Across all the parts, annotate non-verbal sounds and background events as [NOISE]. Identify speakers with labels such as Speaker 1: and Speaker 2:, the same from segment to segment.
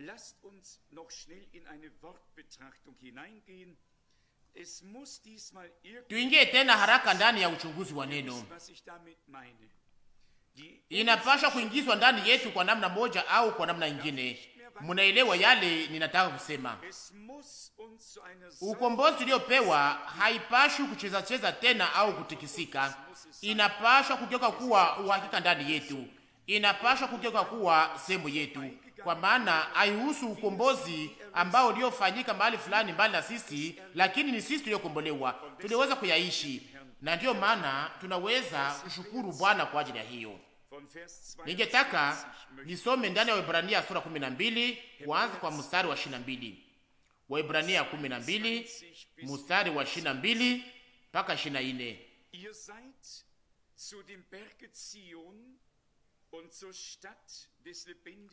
Speaker 1: Lasst uns noch schnell in eine Wortbetrachtung
Speaker 2: hineingehen. Es muss diesmal tuingie tena haraka ndani ya uchunguzi wa neno. Inapasha kuingizwa ndani yetu kwa namna moja au kwa namna ingine Munaelewa yale ninataka kusema. Ukombozi uliopewa haipashi kucheza cheza tena au kutikisika. Inapasha kugeuka kuwa uhakika ndani yetu. Inapasha kugeuka kuwa sehemu yetu kwa maana haihusu ukombozi ambao uliofanyika mahali fulani mbali na sisi, lakini ni sisi tuliokombolewa, tuliweza kuyaishi, na ndiyo maana tunaweza kushukuru Bwana kwa ajili ya hiyo. Ningetaka nisome ndani ya Waebrania sura 12 kuanza kwa mstari wa 22. Waebrania 12 mstari wa 22 mpaka 24.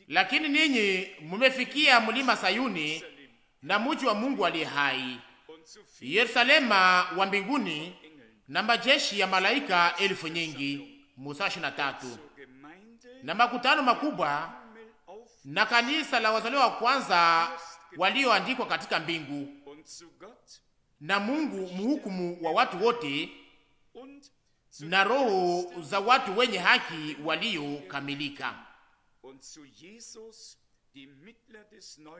Speaker 2: Lakini ninyi mumefikia mlima Sayuni na mji wa Mungu aliye hai, Yerusalema wa mbinguni na majeshi ya malaika elfu nyingi. Musa 23. Na makutano makubwa na kanisa la wazaliwa wa kwanza walioandikwa katika mbingu na Mungu mhukumu wa watu wote na roho za watu wenye haki waliokamilika.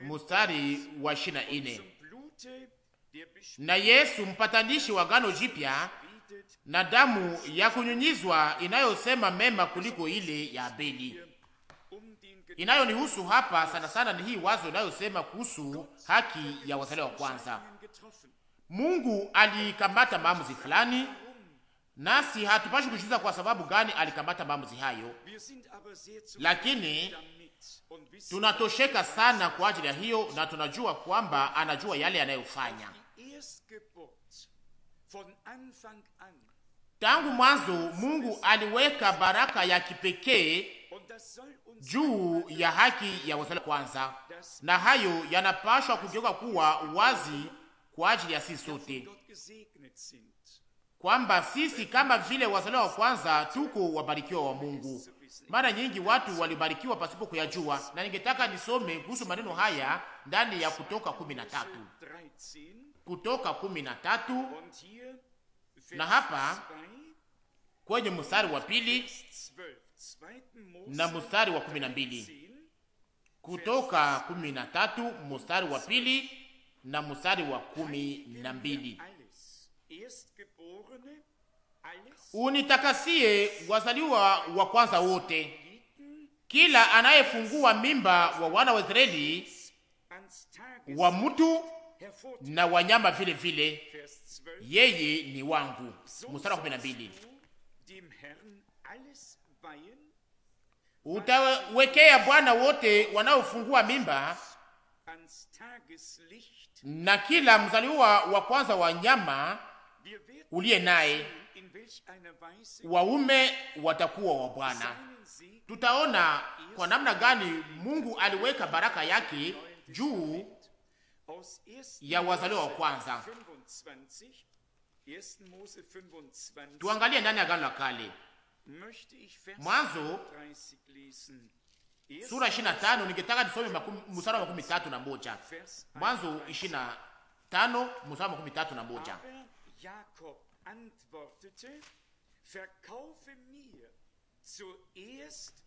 Speaker 2: Mustari wa ishirini na nne na Yesu mpatanishi wa gano jipya na damu ya kunyunyizwa inayosema mema kuliko ile ya Abeli. Um Inayonihusu hapa sana sana ni hii wazo inayosema kuhusu haki ya wazaliwa wa kwanza. Mungu alikamata maamuzi fulani nasi hatupashi kushuza kwa sababu gani alikamata maamuzi hayo,
Speaker 1: lakini
Speaker 2: tunatosheka sana kwa ajili ya hiyo, na tunajua kwamba anajua yale anayofanya tangu mwanzo. Mungu aliweka baraka ya kipekee juu ya haki ya wazaliwa kwanza, na hayo yanapashwa kugeuka kuwa wazi kwa ajili ya sisi sote kwamba sisi kama vile wazaliwa wa kwanza tuko wabarikiwa wa Mungu. Mara nyingi watu walibarikiwa pasipo kuyajua, na ningetaka nisome kuhusu maneno haya ndani ya Kutoka kumi na tatu Kutoka kumi na tatu na hapa kwenye mstari wa pili
Speaker 1: na mstari wa
Speaker 2: kumi na mbili Kutoka kumi na tatu mstari wa pili na mstari wa kumi na mbili unitakasie wazaliwa wa kwanza wote. Kila anayefungua mimba wa wana wa Israeli, wa mtu na wanyama vile vile, yeye ni wangu. Mstari wa 12 utawekea Bwana wote wanaofungua mimba na kila mzaliwa wa kwanza wa nyama uliye naye waume watakuwa wa Bwana. Tutaona kwa namna gani Mungu aliweka baraka yake juu
Speaker 1: ya wazaliwa wa kwanza. Tuangalie ndani
Speaker 2: ya Agano la Kale,
Speaker 1: Mwanzo sura 25.
Speaker 2: Ningetaka tusome mstari wa 13 na moja. Mwanzo 25 mstari wa 13 na moja.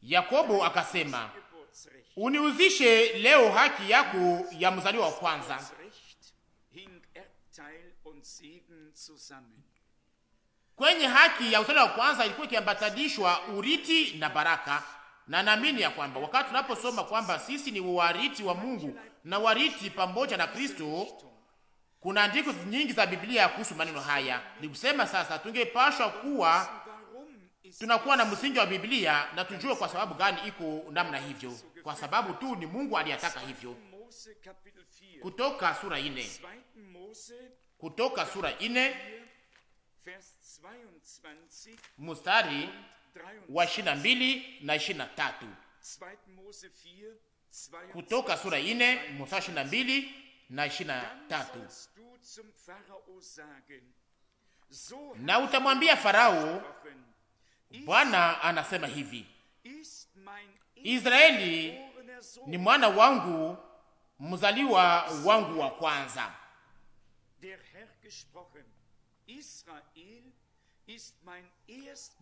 Speaker 2: Yakobo akasema, uniuzishe leo haki yako ya mzaliwa wa kwanza. Kwenye haki ya uzaliwa wa kwanza ilikuwa ikiambatanishwa uriti na baraka, na naamini ya kwamba wakati tunaposoma kwamba sisi ni wariti wa Mungu na wariti pamoja na Kristo kuna andiko nyingi za Biblia kuhusu maneno haya. Ni kusema sasa, tungepashwa kuwa tunakuwa na msingi wa Biblia na tujue kwa sababu gani iko namna hivyo, kwa sababu tu ni Mungu aliyataka hivyo. Kutoka sura ine, Kutoka sura ine mustari wa ishirini na mbili na ishirini na tatu Kutoka sura ine mustari ishirini na mbili na ishirini na tatu na utamwambia Farao, Bwana anasema hivi, Israeli ni mwana wangu mzaliwa wangu wa kwanza.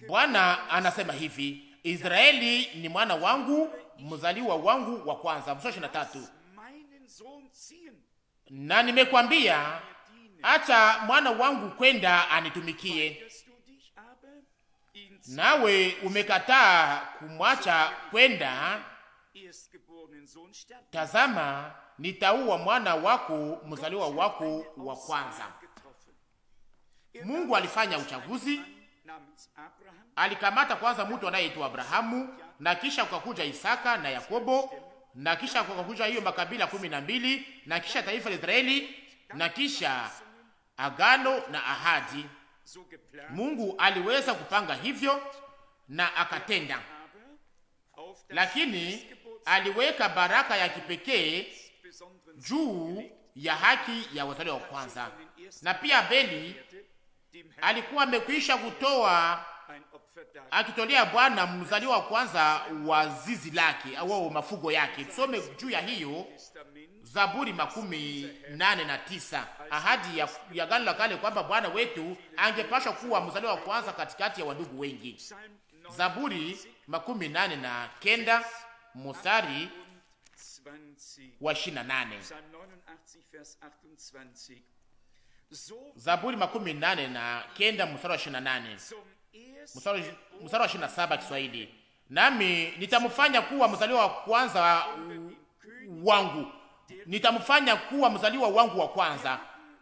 Speaker 1: Bwana anasema
Speaker 2: hivi, Israeli ni mwana wangu mzaliwa wangu wa kwanza. Mstari ishirini na tatu na nimekwambia acha mwana wangu kwenda anitumikie, nawe umekataa kumwacha kwenda. Tazama, nitaua mwana wako mzaliwa wako wa kwanza. Mungu alifanya uchaguzi, alikamata kwanza mtu anayeitwa Abrahamu na kisha ukakuja Isaka na Yakobo na kisha kukakuja hiyo makabila kumi na mbili na kisha taifa la Israeli na kisha agano na ahadi. Mungu aliweza kupanga hivyo na akatenda, lakini aliweka baraka ya kipekee juu ya haki ya wazaliwa wa kwanza, na pia Abeli alikuwa amekwisha kutoa akitolea Bwana mzaliwa wa kwanza wa zizi lake au mafugo yake. Tusome juu ya hiyo Zaburi makumi nane na tisa ahadi ya, ya gano la kale kwamba Bwana wetu angepashwa kuwa mzaliwa wa kwanza katikati ya wandugu wengi. Zaburi makumi nane na kenda mstari wa ishirini na nane. Zaburi makumi nane na kenda mstari wa ishirini na nane mstari wa ishirini na saba Kiswahili, nami nitamfanya kuwa mzaliwa wa kwanza wangu, nitamfanya kuwa mzaliwa wangu wa kwanza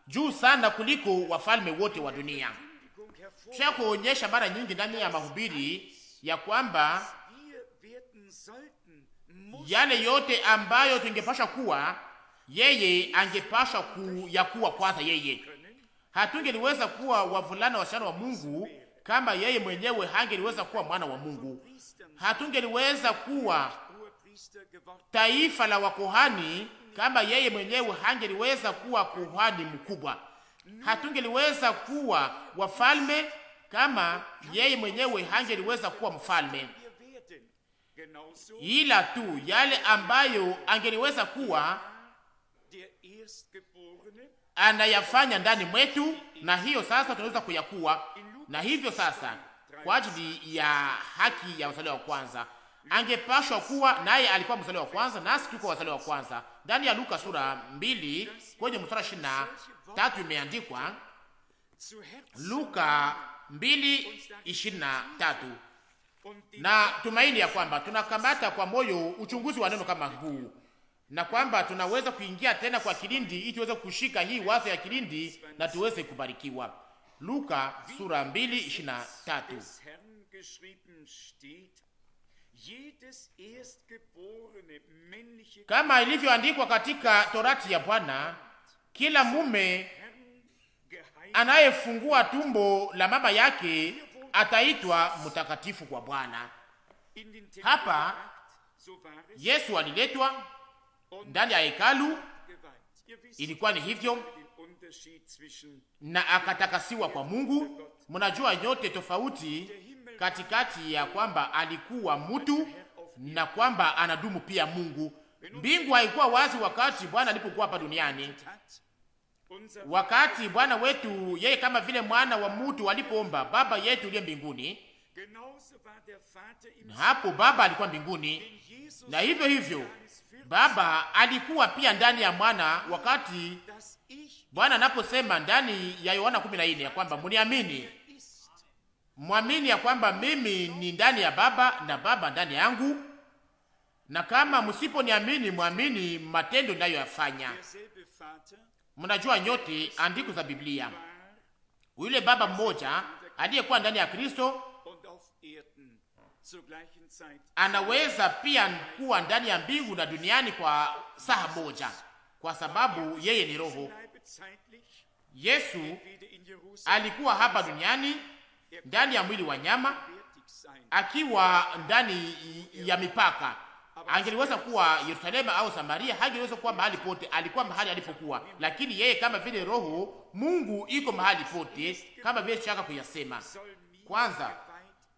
Speaker 2: juu sana kuliko wafalme wote wa dunia. Tusha kuonyesha mara nyingi ndani ya mahubiri ya kwamba yale yote ambayo tungepasha kuwa yeye angepasha kuyakuwa kuwa kwanza yeye. Hatungeliweza kuwa wavulana wasichana wa Mungu kama yeye mwenyewe hangeliweza kuwa mwana wa Mungu, hatungeliweza kuwa taifa la wakohani kama yeye mwenyewe hangeliweza kuwa kuhani mkubwa, hatungeliweza kuwa wafalme kama yeye mwenyewe hangeliweza kuwa mfalme, ila tu yale ambayo angeliweza kuwa anayafanya ndani mwetu, na hiyo sasa tunaweza kuyakuwa na hivyo sasa kwa ajili ya haki ya msaliwa wa kwanza angepashwa kuwa naye alikuwa msaliwa wa kwanza, nasi tuko wasaliwa wa kwanza. Ndani ya Luka sura mbili kwenye mstari ishirini na tatu imeandikwa, Luka mbili ishirini na tatu na tumaini ya kwamba tunakamata kwa moyo uchunguzi wa neno kama huu na kwamba tunaweza kuingia tena kwa kilindi ili tuweze kushika hii wazo ya kilindi na tuweze kubarikiwa. Luka sura 2:23. Kama ilivyoandikwa katika Torati ya Bwana, kila mume anayefungua tumbo la mama yake ataitwa mtakatifu kwa Bwana. Hapa Yesu aliletwa ndani ya hekalu, ilikuwa ni hivyo na akatakasiwa kwa Mungu. Mnajua nyote tofauti katikati ya kwamba alikuwa mtu na kwamba anadumu pia Mungu. Mbingu haikuwa wazi wakati Bwana alipokuwa hapa duniani, wakati Bwana wetu yeye kama vile mwana wa mtu alipoomba Baba yetu uliye mbinguni, na hapo Baba alikuwa mbinguni, na hivyo hivyo Baba alikuwa pia ndani ya mwana wakati Bwana anaposema ndani ya Yohana 14 ya kwamba mniamini, mwamini ya kwamba mimi ni ndani ya Baba na Baba ndani yangu, na kama msiponiamini, mwamini matendo ninayoyafanya. Mnajua nyote andiko za Biblia, yule Baba mmoja aliyekuwa ndani ya Kristo anaweza pia kuwa ndani ya mbingu na duniani kwa saa moja, kwa sababu yeye ni Roho. Yesu er alikuwa hapa duniani er ndani ya mwili wa nyama, akiwa ndani ya mipaka. Angeliweza er kuwa Yerusalemu au Samaria, hangeliweza kuwa mahali pote. Alikuwa mahali alipokuwa, lakini yeye kama vile Roho Mungu iko mahali pote, kama vile shaka kuyasema kwanza,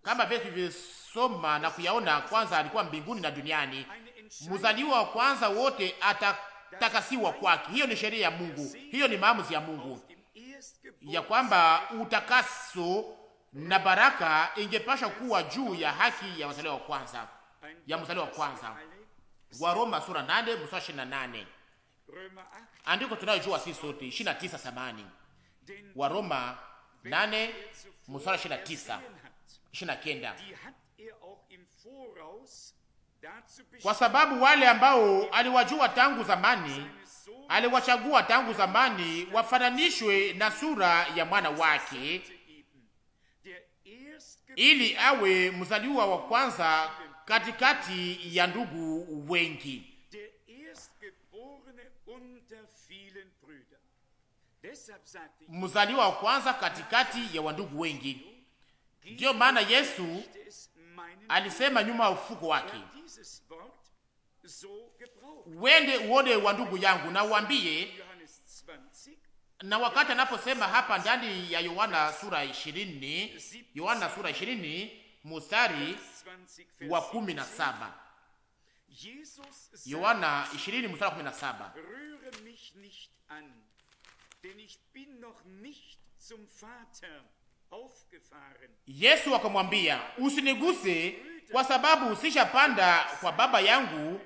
Speaker 2: kama vile tulivyosoma na kuyaona kwanza, alikuwa mbinguni na duniani. Mzaliwa wa kwanza wote ata takasiwa kwake. Hiyo ni sheria ya Mungu, hiyo ni maamuzi ya Mungu ya kwamba utakaso na baraka ingepasha kuwa juu ya haki ya mzaliwa wa kwanza, ya mzaliwa wa kwanza. Roma sura 8 mstari 28, andiko tunayojua sisi sote 29 samani. Roma 8 mstari 29 29 kwa sababu wale ambao aliwajua tangu zamani, aliwachagua tangu zamani, wafananishwe na sura ya mwana wake, ili awe mzaliwa wa kwanza katikati ya ndugu wengi. Mzaliwa wa kwanza katikati ya wandugu wengi. Ndiyo maana Yesu alisema nyuma ya ufuko wake, wende uone wa ndugu yangu na uambie. Na wakati anaposema hapa ndani ya Yohana sura 20, Yohana sura 20 mstari wa 17 Yohana 20 mstari wa
Speaker 1: kumi
Speaker 2: Yesu akamwambia, usiniguse kwa sababu sishapanda kwa Baba yangu,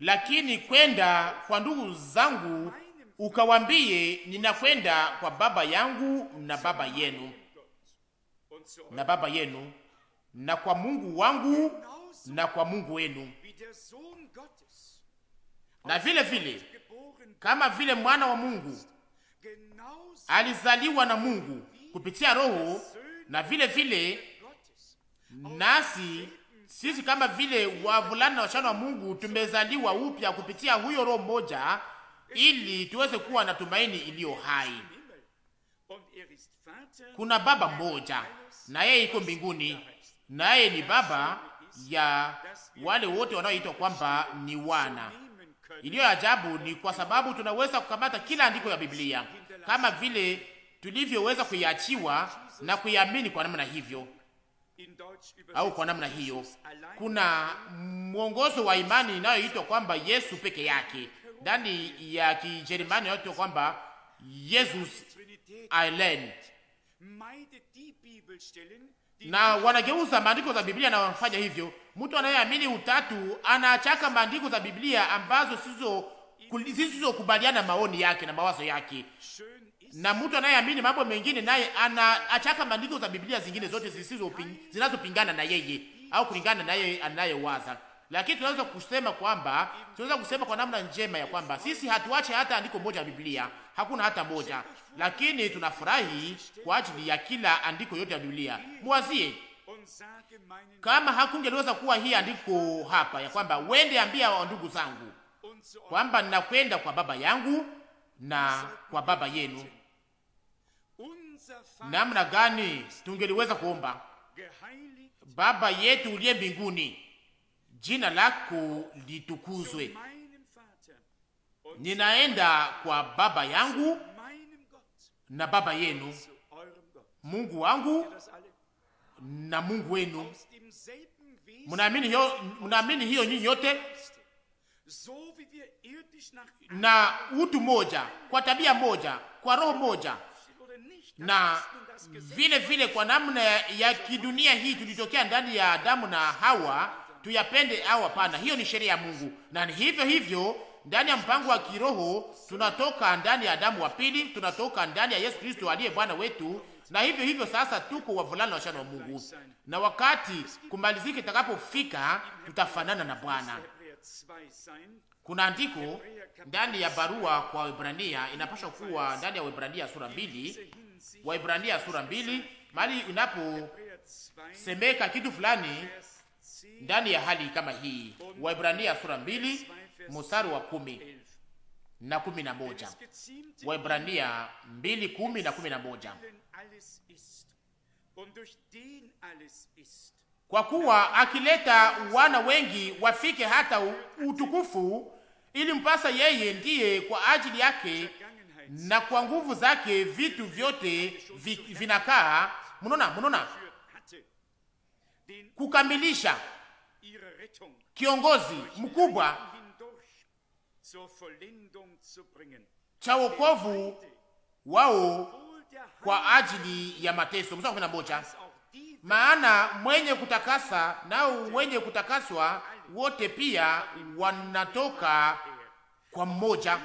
Speaker 2: lakini kwenda kwa ndugu zangu ukawambie ninakwenda kwa Baba yangu na Baba yenu na Baba yenu na kwa Mungu wangu na kwa Mungu wenu. Na vile vile kama vile mwana wa Mungu alizaliwa na Mungu kupitia Roho, na vile vile nasi sisi kama vile wavulana na wasichana wa Mungu tumezaliwa upya kupitia huyo Roho mmoja, ili tuweze kuwa na tumaini iliyo hai. Kuna Baba mmoja na yeye iko mbinguni, na yeye ni Baba ya wale wote wanaoitwa kwamba ni wana. Iliyo ajabu ni kwa sababu tunaweza kukamata kila andiko ya Biblia kama vile tulivyoweza kuiachiwa na kuiamini kwa namna hivyo au kwa namna hiyo. Kuna mwongozo wa imani inayoitwa kwamba Yesu peke yake, ndani ya Kijerumani inayoitwa kwamba Jesus allein, na wanageuza maandiko za Biblia na wanafanya hivyo. Mtu anayeamini utatu anaachaka maandiko za Biblia ambazo sizokubaliana maoni yake na mawazo yake na mtu anayeamini mambo mengine naye anaachaka maandiko za Biblia zingine zote zinazopingana na yeye au kulingana na yeye anayewaza. Lakini tunaweza kusema kwamba tunaweza kusema kwa namna njema ya kwamba sisi hatuache hata andiko moja la Biblia, hakuna hata moja, lakini tunafurahi kwa ajili ya kila andiko yote ya Biblia. Mwazie kama hakungeliweza kuwa hii andiko hapa ya kwamba wende ambia wa ndugu zangu kwamba ninakwenda kwa baba yangu na kwa baba yenu namna gani tungeliweza kuomba? Baba yetu uliye mbinguni, jina lako litukuzwe. Ninaenda kwa baba yangu na baba yenu, Mungu wangu na Mungu wenu. Mnaamini hiyo? Mnaamini hiyo nyinyi yote? Na utu moja, kwa tabia moja, kwa roho moja na vile vile kwa namna ya kidunia hii tulitokea ndani ya Adamu na Hawa, tuyapende au hapana? Hiyo ni sheria ya Mungu. Na hivyo hivyo ndani ya mpango wa kiroho tunatoka ndani ya Adamu wa pili, tunatoka ndani ya Yesu Kristo aliye Bwana wetu, na hivyo hivyo sasa tuko wavulana wa wasichana wa Mungu, na wakati kumalizika itakapofika tutafanana na Bwana. Kuna andiko ndani ya barua kwa Waebrania, inapaswa kuwa ndani ya Waebrania sura mbili Waibrania sura mbili, mali inaposemeka kitu fulani ndani ya hali kama hii. Waibrania sura mbili mstari wa kumi na kumi na moja. Waibrania mbili kumi na kumi na moja. Kwa kuwa akileta wana wengi wafike hata utukufu, ili mpasa yeye ndiye kwa ajili yake na kwa nguvu zake vitu vyote vi, vinakaa mnona mnona kukamilisha kiongozi mkubwa cha wokovu wao kwa ajili ya mateso. Mstari kumi na moja, maana mwenye kutakasa nao mwenye kutakaswa wote pia wanatoka kwa mmoja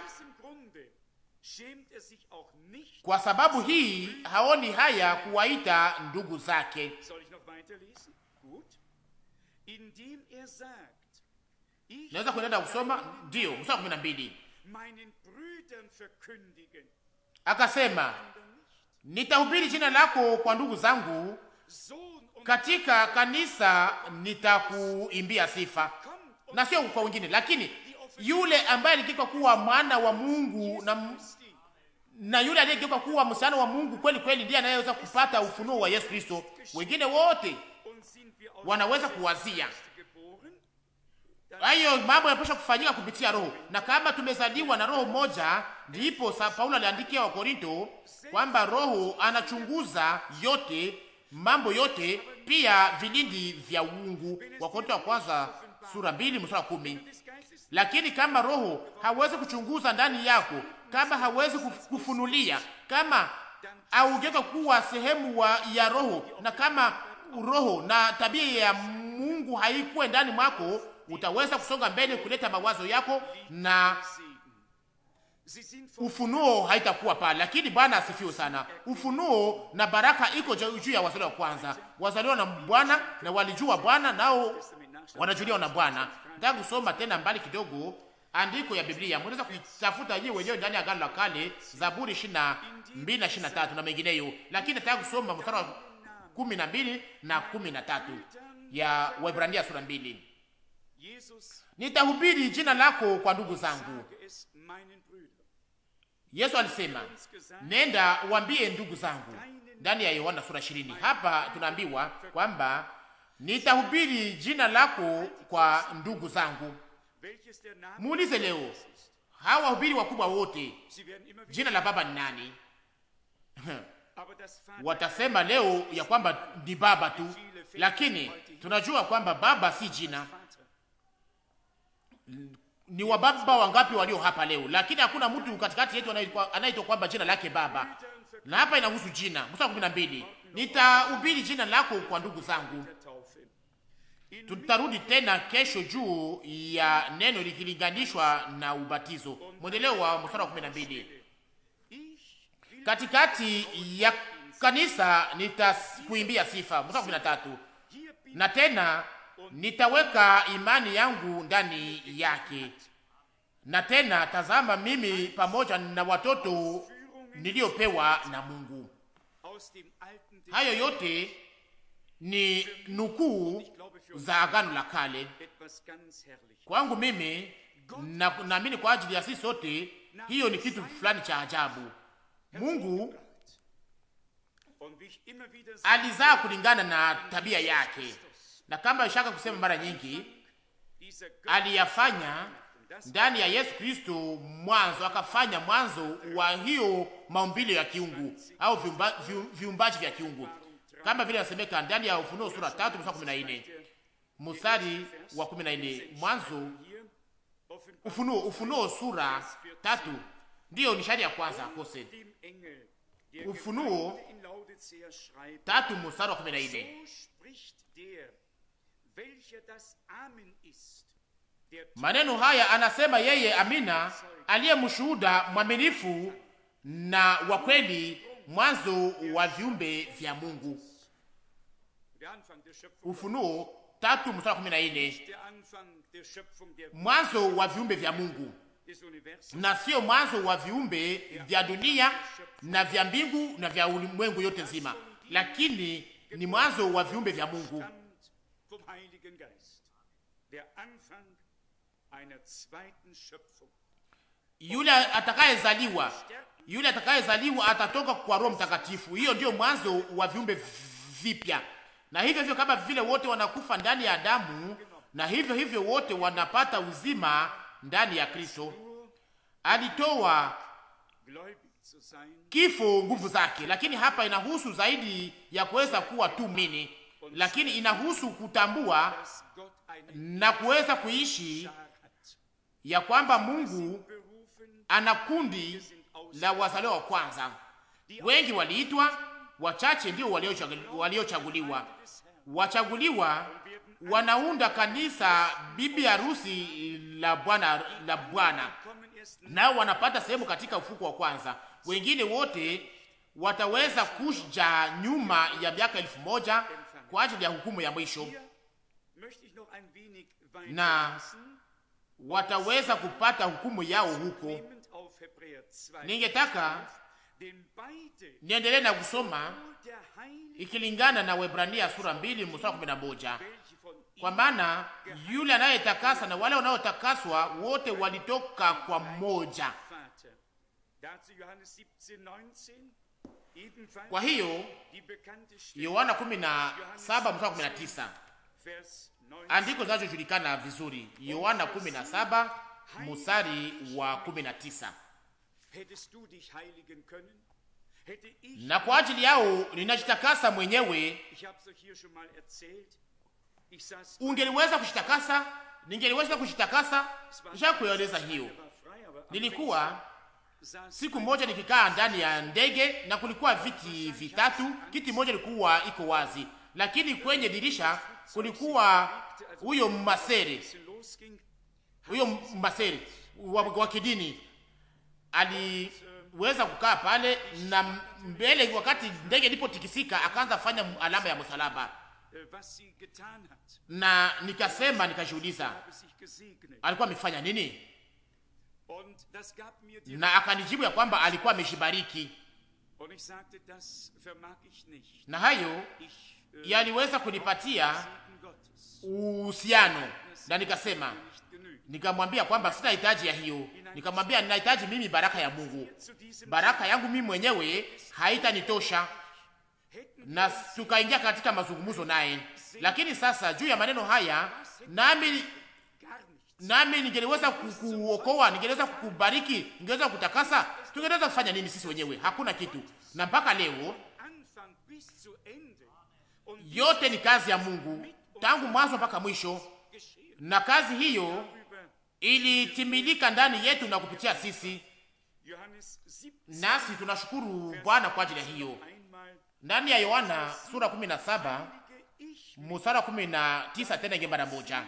Speaker 1: Er
Speaker 2: kwa sababu hii haoni haya kuwaita ndugu zake. Er Naweza kuendelea kusoma, ndiyo mstari kumi na mbili akasema, nitahubiri jina lako kwa ndugu zangu, katika kanisa nitakuimbia sifa, na sio kwa wengine, lakini yule ambaye aligeuka kuwa mwana wa Mungu na, na yule aliyegeuka kuwa msana wa Mungu kweli kweli ndiye anayeweza kupata ufunuo wa Yesu Kristo. Wengine wote wanaweza kuwazia hayo mambo yanapaswa kufanyika kupitia Roho, na kama tumezaliwa na Roho moja, ndipo sa Paulo aliandikia wa Korinto kwamba Roho anachunguza yote mambo yote, pia vilindi vya uungu. Wa Korinto wa kwanza sura mbili mstari wa kumi. Lakini kama Roho hawezi kuchunguza ndani yako, kama hawezi kufunulia, kama augeka kuwa sehemu wa, ya Roho, na kama Roho na tabia ya Mungu haikuwe ndani mwako, utaweza kusonga mbele kuleta mawazo yako na ufunuo haitakuwa pale. Lakini Bwana asifiwe sana. Ufunuo na baraka iko juu ya wazaliwa wa kwanza. Wazaliwa na Bwana na walijua Bwana nao wanajulia na Bwana. Nataka kusoma tena mbali kidogo andiko ya Biblia, mnaweza kuitafuta yeye wenyewe ndani ya Agano la Kale, Zaburi 22 na 23 na mengineyo, lakini nataka kusoma mstari wa 12 na 13 ya Waebrania sura 2. Nitahubiri jina lako kwa ndugu zangu. Yesu alisema nenda uambie ndugu zangu, ndani ya Yohana sura 20. Hapa tunaambiwa kwamba nitahubiri jina lako kwa ndugu zangu. Muulize leo hawa wahubiri wakubwa wote, jina la baba ni nani? [LAUGHS] Watasema leo ya kwamba ni baba tu, lakini tunajua kwamba baba si jina. Ni wa baba wangapi walio hapa leo? Lakini hakuna mtu katikati yetu anaitwa kwamba jina lake baba, na hapa inahusu jina. Mstari kumi na mbili, nitahubiri jina lako kwa ndugu zangu. Tutarudi tena kesho juu ya neno likilinganishwa na ubatizo. Mwendeleo wa mstari wa 12. Katikati ya kanisa nitakuimbia sifa. Mstari wa 13. Na tena nitaweka imani yangu ndani yake. Na tena tazama, mimi pamoja na watoto niliyopewa na Mungu. Hayo yote ni nukuu za Agano la Kale. Kwangu mimi naamini na kwa ajili ya sisi sote hiyo ni kitu fulani cha ajabu. Mungu alizaa kulingana na tabia yake, na kama ishaka kusema mara nyingi, aliyafanya ndani ya Yesu Kristo mwanzo, akafanya mwanzo wa hiyo maumbile ya kiungu au viumbaji vya kiungu, kama vile nasemeka ndani ya Ufunuo sura 3 mstari kumi mstari wa kumi na nne Mwanzo, Ufunuo, Ufunuo sura tatu ndiyo ni shari ya kwanza kose. Ufunuo tatu mstari wa kumi na nne
Speaker 1: maneno haya anasema yeye, Amina,
Speaker 2: aliye mshuhuda mwaminifu na wa kweli, mwanzo wa viumbe vya Mungu. Ufunuo tatu mstari kumi na mwanzo wa viumbe vya Mungu na sio mwanzo wa viumbe vya dunia na vya mbingu na vya ulimwengu yote nzima, lakini ni mwanzo wa viumbe vya Mungu. Yule atakayezaliwa, yule atakayezaliwa atatoka kwa Roho Mtakatifu. Hiyo ndiyo mwanzo wa viumbe vipya na hivyo hivyo kama vile wote wanakufa ndani ya Adamu, na hivyo hivyo wote wanapata uzima ndani ya Kristo. Alitoa kifo nguvu zake, lakini hapa inahusu zaidi ya kuweza kuwa tu mini, lakini inahusu kutambua na kuweza kuishi ya kwamba Mungu ana kundi la wazaliwa wa kwanza. Wengi waliitwa wachache ndio waliochaguliwa. Wachaguliwa wanaunda kanisa, bibi harusi la Bwana la Bwana, nao wanapata sehemu katika ufuko wa kwanza. Wengine wote wataweza kuja nyuma ya miaka elfu moja kwa ajili ya hukumu ya mwisho, na wataweza kupata hukumu yao huko. Ningetaka Niendelee na kusoma ikilingana na Waebrania sura mbili mstari wa kumi na moja kwa maana yule anayetakasa na wale wanaotakaswa wote walitoka kwa mmoja. Kwa hiyo Yohana 17:19 andiko zinazojulikana vizuri, Yohana 17 mstari wa 19
Speaker 1: na kwa ajili yao ninajitakasa mwenyewe.
Speaker 2: Ungeliweza kushitakasa? ningeliweza kushitakasa? Nisha kueleza hiyo. Nilikuwa siku moja nikikaa ndani ya ndege na kulikuwa viti vitatu, kiti moja ilikuwa iko wazi, lakini kwenye dirisha kulikuwa huyo masere, huyo mmasere wa kidini aliweza kukaa pale na mbele, wakati ndege ilipotikisika akaanza fanya alama ya msalaba, na nikasema, nikajiuliza alikuwa amefanya nini,
Speaker 1: na akanijibu ya kwamba alikuwa
Speaker 2: ameshibariki, na hayo
Speaker 1: yaliweza kunipatia
Speaker 2: uhusiano, na nikasema, nikamwambia kwamba sina hitaji ya hiyo, nikamwambia ninahitaji mimi baraka ya Mungu, baraka yangu mimi mwenyewe haitanitosha, na tukaingia katika mazungumzo naye. Lakini sasa juu ya maneno haya nami nami ningeliweza kukuokoa, ningeliweza kukubariki, ningeweza kutakasa tungeweza kufanya nini sisi wenyewe? Hakuna kitu. Na mpaka leo yote ni kazi ya Mungu, tangu mwanzo mpaka mwisho, na kazi hiyo ilitimilika ndani yetu na kupitia sisi, nasi tunashukuru Bwana kwa ajili ya hiyo. Ndani ya Yohana sura 17 mstari 19 tena mara moja,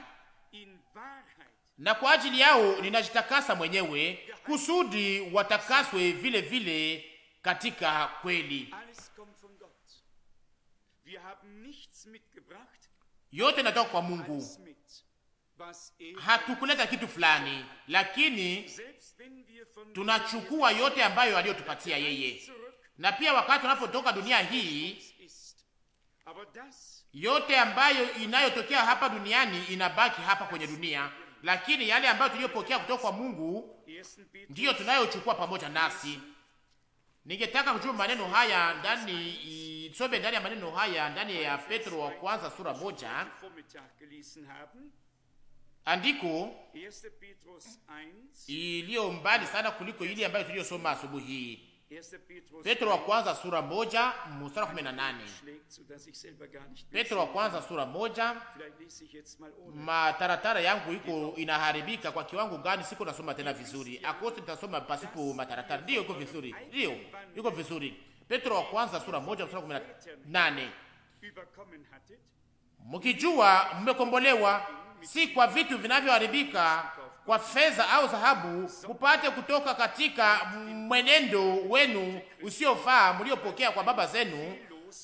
Speaker 2: na kwa ajili yao ninajitakasa mwenyewe kusudi watakaswe vile vile katika kweli. yote inatoka kwa Mungu. Hatukuleta kitu fulani, lakini tunachukua yote ambayo aliyotupatia yeye, na pia wakati tunapotoka dunia hii, yote ambayo inayotokea hapa duniani inabaki hapa kwenye dunia, lakini yale ambayo tuliyopokea kutoka kwa Mungu ndiyo tunayochukua pamoja nasi. Ningetaka kujua maneno haya ndani, tusome ndani ya maneno haya ndani ya Petro wa kwanza sura moja andiko iliyo mbali sana kuliko ile ambayo tuliyosoma asubuhi. Petro wa kwanza sura moja mstari kumi na nane Petro wa kwanza sura moja. Mataratara yangu iko inaharibika kwa kiwango gani? Siko nasoma tena vizuri, akose nitasoma pasipo mataratara. Ndio iko vizuri, ndio iko vizuri. Petro wa kwanza sura moja mstari kumi na nane mkijua mmekombolewa si kwa vitu vinavyoharibika kwa fedha au dhahabu, mupate kutoka katika mwenendo wenu usiofaa mliopokea kwa baba zenu,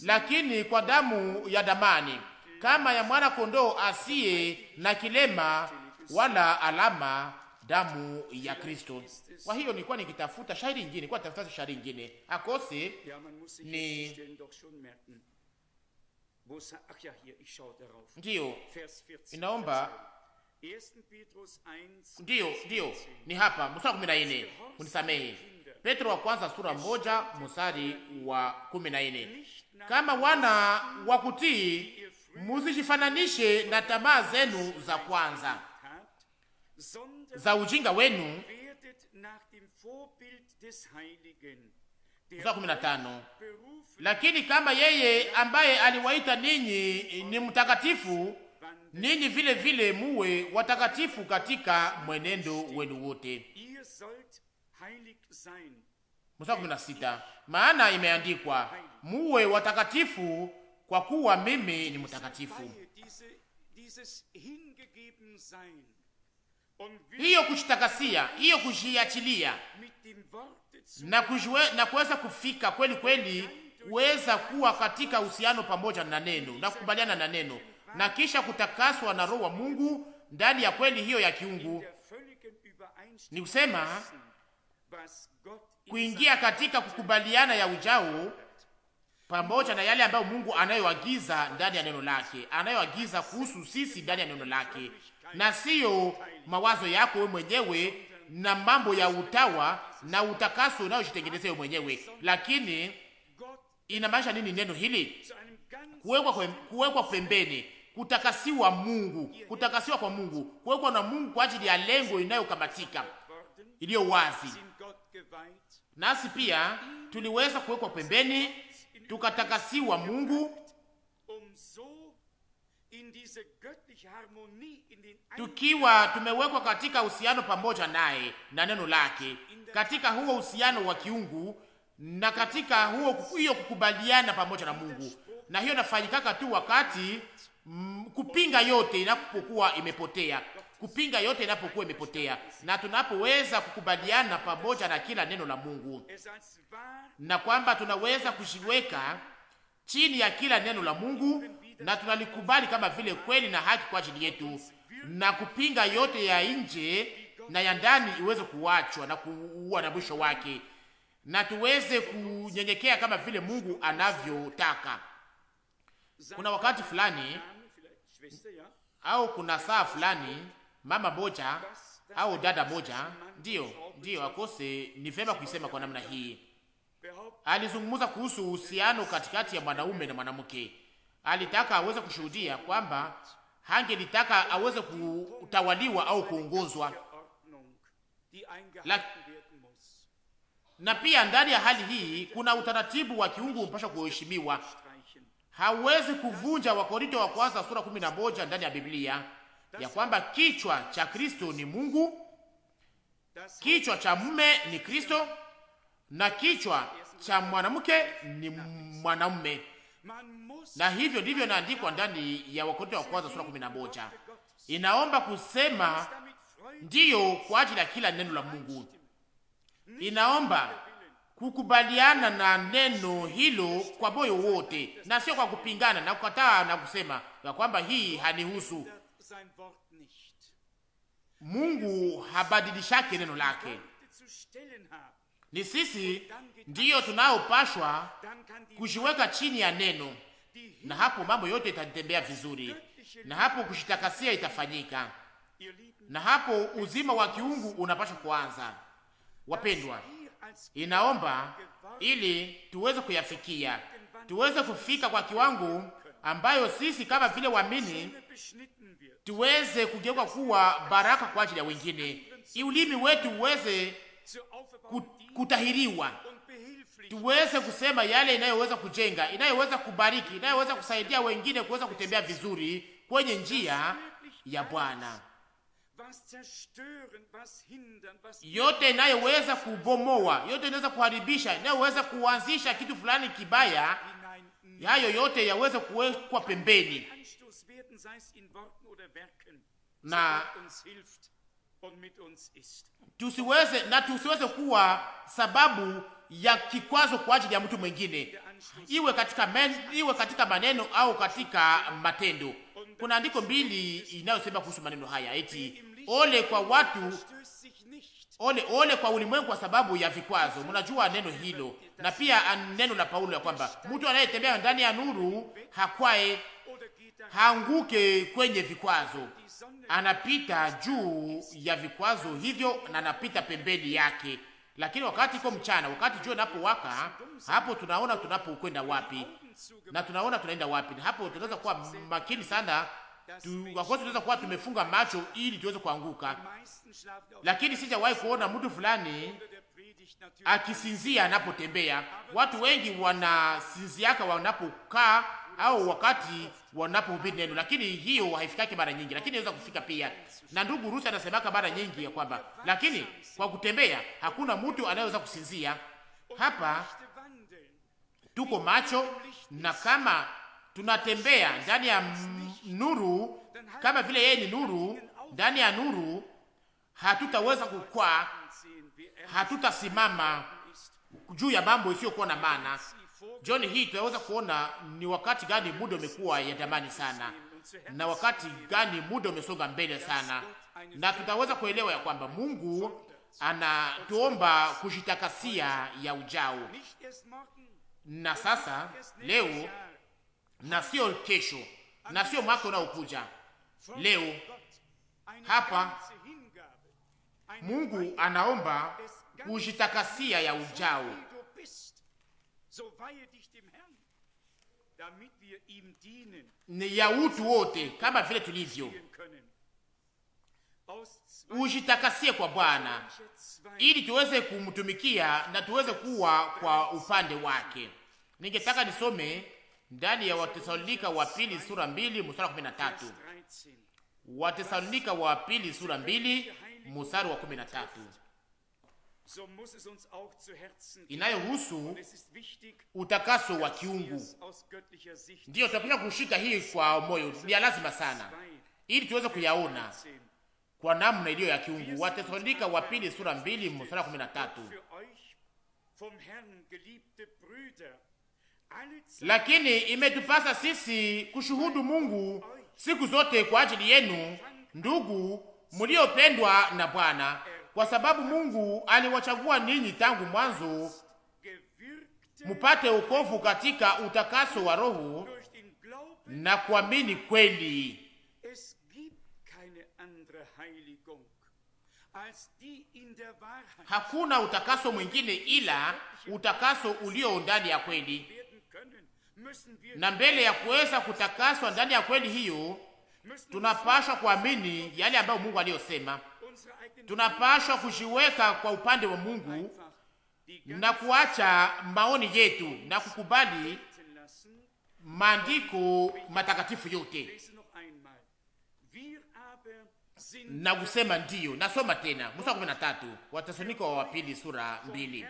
Speaker 2: lakini kwa damu ya damani kama ya mwana kondoo asiye na kilema wala alama, damu ya Kristo. Kwa hiyo nilikuwa nikitafuta shairi nyingine, kwa tafuta shairi nyingine akose ni ndiyo inaomba ndiyo ndiyo, ni hapa mstari wa 14. Unisamehe, Petro wa kwanza sura moja mstari wa 14, kama wana wa kutii musijifananishe na tamaa zenu za kwanza za ujinga wenu.
Speaker 1: Kumi na
Speaker 2: Lakini kama yeye ambaye aliwaita ninyi ni mtakatifu ninyi vile vile muwe watakatifu katika mwenendo wenu wote. Mstari sita, maana imeandikwa muwe watakatifu kwa kuwa mimi ni mtakatifu. Hiyo kushitakasia, hiyo kujiachilia na kuweza na kufika kweli kweli, kuweza kuwa katika uhusiano pamoja na neno na kukubaliana na neno na kisha kutakaswa na Roho wa Mungu ndani ya kweli hiyo ya kiungu, ni kusema kuingia katika kukubaliana ya ujao pamoja na yale ambayo Mungu anayoagiza ndani ya neno lake, anayoagiza kuhusu sisi ndani ya neno lake, na siyo mawazo yako wewe mwenyewe na mambo ya utawa na utakaso unayojitengenezea wewe mwenyewe. Lakini inamaanisha nini neno hili? Kuwekwa kuwekwa pembeni kutakasiwa Mungu, kutakasiwa kwa Mungu, kuwekwa na Mungu kwa ajili ya lengo inayokamatika iliyo wazi. Nasi pia tuliweza kuwekwa pembeni, tukatakasiwa Mungu, tukiwa tumewekwa katika uhusiano pamoja naye na neno lake, katika huo uhusiano wa kiungu na katika huo hiyo kukubaliana pamoja na Mungu, na hiyo nafanyikaka tu wakati Mm, kupinga yote inapokuwa imepotea, kupinga yote inapokuwa imepotea, na tunapoweza kukubaliana pamoja na kila neno la Mungu, na kwamba tunaweza kujiweka chini ya kila neno la Mungu na tunalikubali kama vile kweli na haki kwa ajili yetu, na kupinga yote ya nje na ya ndani iweze kuachwa na kuua na mwisho wake, na tuweze kunyenyekea kama vile Mungu anavyotaka. Kuna wakati fulani au kuna saa fulani, mama moja au dada moja, ndiyo ndiyo, akose ni vema kuisema kwa namna hii, alizungumza kuhusu uhusiano katikati ya mwanaume na mwanamke. Alitaka aweze kushuhudia kwamba hangelitaka aweze kutawaliwa au kuongozwa La... na pia ndani ya hali hii kuna utaratibu wa kiungu umpasha kuheshimiwa hawezi kuvunja Wakorinto wa kwanza sura kumi na moja ndani ya Biblia ya kwamba kichwa cha Kristo ni Mungu, kichwa cha mume ni Kristo na kichwa cha mwanamke ni mwanamume, na hivyo ndivyo inaandikwa ndani ya Wakorinto wa kwanza sura kumi na moja. Inaomba kusema ndiyo kwa ajili ya kila neno la Mungu, inaomba kukubaliana na neno hilo kwa moyo wote na sio kwa kupingana na kukataa na kusema ya kwamba hii hanihusu. Mungu habadilishake neno lake. Ni sisi ndiyo tunayopashwa kujiweka chini ya neno, na hapo mambo yote itatembea vizuri, na hapo kushitakasia itafanyika, na hapo uzima wa kiungu unapashwa kuanza. Wapendwa, inaomba ili tuweze kuyafikia, tuweze kufika kwa kiwango ambayo sisi kama vile waamini tuweze kugeuka kuwa baraka kwa ajili ya wengine, ulimi wetu uweze kutahiriwa, tuweze kusema yale inayoweza kujenga, inayoweza kubariki, inayoweza kusaidia wengine kuweza kutembea vizuri kwenye njia ya Bwana
Speaker 1: yote inayoweza
Speaker 2: kubomoa, yote inaweza kuharibisha, inayoweza kuanzisha kitu fulani kibaya,
Speaker 1: hayo yote yaweze kuwekwa pembeni
Speaker 2: na tusiweze na tusiweze kuwa sababu ya kikwazo kwa ajili ya mtu mwingine, iwe katika men, iwe katika maneno au katika matendo. Kuna andiko mbili inayosema kuhusu maneno haya eti ole kwa watu, ole ole kwa ulimwengu kwa sababu ya vikwazo. Mnajua neno hilo, na pia neno la Paulo ya kwamba mtu anayetembea ndani ya nuru hakwae haanguke kwenye vikwazo, anapita juu ya vikwazo hivyo na anapita pembeni yake. Lakini wakati iko mchana, wakati jua inapowaka, hapo tunaona tunapokwenda wapi na tunaona tunaenda wapi, na hapo tunaweza kuwa makini sana tu, wakosi tunaweza kuwa tumefunga macho ili tuweze kuanguka, lakini sijawahi kuona mtu fulani akisinzia anapotembea. Watu wengi wanasinziaka wanapokaa au wakati wanapohubiri neno, lakini hiyo haifikaki mara nyingi, lakini inaweza kufika pia. Na ndugu Rusi anasemaka mara nyingi ya kwamba, lakini kwa kutembea hakuna mtu anayeweza kusinzia. Hapa tuko macho, na kama tunatembea ndani ya nuru kama vile yeye ni nuru, ndani ya nuru hatutaweza kukwaa, hatutasimama juu ya mambo isiyokuwa na maana. Jioni hii tunaweza kuona ni wakati gani muda umekuwa ya damani sana na wakati gani muda umesonga mbele sana, na tutaweza kuelewa ya kwamba Mungu anatuomba kujitakasia ya ujao, na sasa leo, na sio kesho, na sio mwaka unaokuja. Leo hapa Mungu anaomba kujitakasia ya ujao ni ya utu wote kama vile tulivyo. Ujitakasie kwa Bwana ili tuweze kumtumikia na tuweze kuwa kwa upande wake. Ningetaka nisome ndani ya Watesalonike wa pili sura mbili mstari wa kumi na tatu Watesalonika wa pili sura mbili mstari wa kumi na tatu inayohusu utakaso wa kiungu. Ndiyo tunapaswa kushika hii kwa moyo, ni lazima sana, ili tuweze kuyaona kwa namna iliyo ya kiungu. Watesalonika wa pili sura mbili mstari wa kumi na tatu lakini imetupasa sisi kushuhudu Mungu siku zote kwa ajili yenu ndugu muliopendwa na Bwana, kwa sababu Mungu aliwachagua ninyi tangu mwanzo mupate ukovu katika utakaso wa roho na kuamini kweli. Hakuna utakaso mwingine ila utakaso ulio ndani ya kweli na mbele ya kuweza kutakaswa ndani ya kweli hiyo, tunapashwa kuamini yale ambayo Mungu aliyosema. Tunapashwa kujiweka kwa upande wa Mungu na kuacha maoni yetu na kukubali maandiko matakatifu yote na kusema ndiyo. Nasoma tena mstari wa 13 Wathesalonike wa pili sura mbili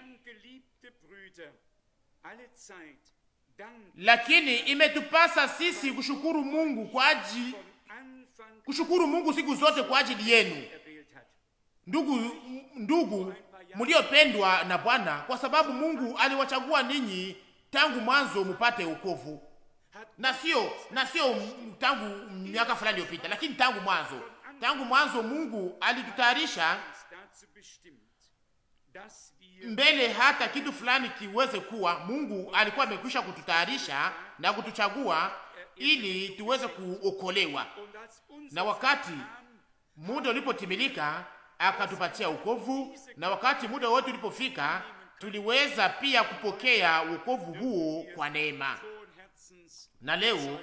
Speaker 2: lakini imetupasa sisi kushukuru Mungu kwa ajili, kushukuru Mungu siku zote kwa ajili yenu ndugu, ndugu mliopendwa na Bwana, kwa sababu Mungu aliwachagua ninyi tangu mwanzo mupate ukovu na sio na sio tangu miaka fulani iliyopita, lakini tangu mwanzo, tangu mwanzo Mungu alitutayarisha mbele hata kitu fulani kiweze kuwa, Mungu alikuwa amekwisha kututayarisha na kutuchagua ili tuweze kuokolewa, na wakati muda ulipotimilika akatupatia ukovu, na wakati muda wote ulipofika tuliweza pia kupokea ukovu huo kwa neema, na leo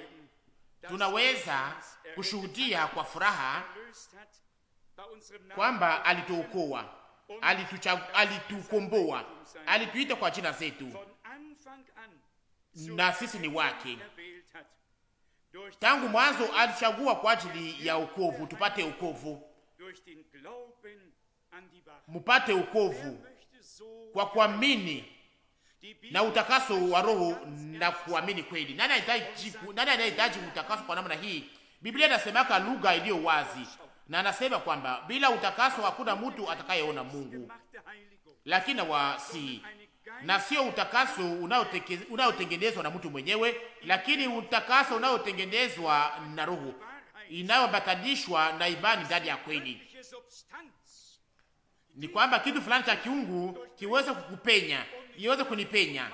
Speaker 2: tunaweza kushuhudia kwa furaha kwamba alituokoa alitukomboa, alituita kwa jina zetu, na sisi ni wake tangu mwanzo. Alichagua kwa ajili ya ukovu, tupate ukovu, mupate ukovu kwa kuamini na utakaso wa roho na kuamini kweli. Nani anahitaji utakaso kwa namna hii? Biblia inasemaka lugha iliyo wazi na anasema kwamba bila utakaso hakuna mtu atakayeona Mungu, lakini wasi na sio utakaso unaotengenezwa na mtu mwenyewe, lakini utakaso unaotengenezwa na Roho inayoambatanishwa na imani ndani ya kweli. Ni kwamba kitu fulani cha kiungu kiweze kukupenya, iweze kunipenya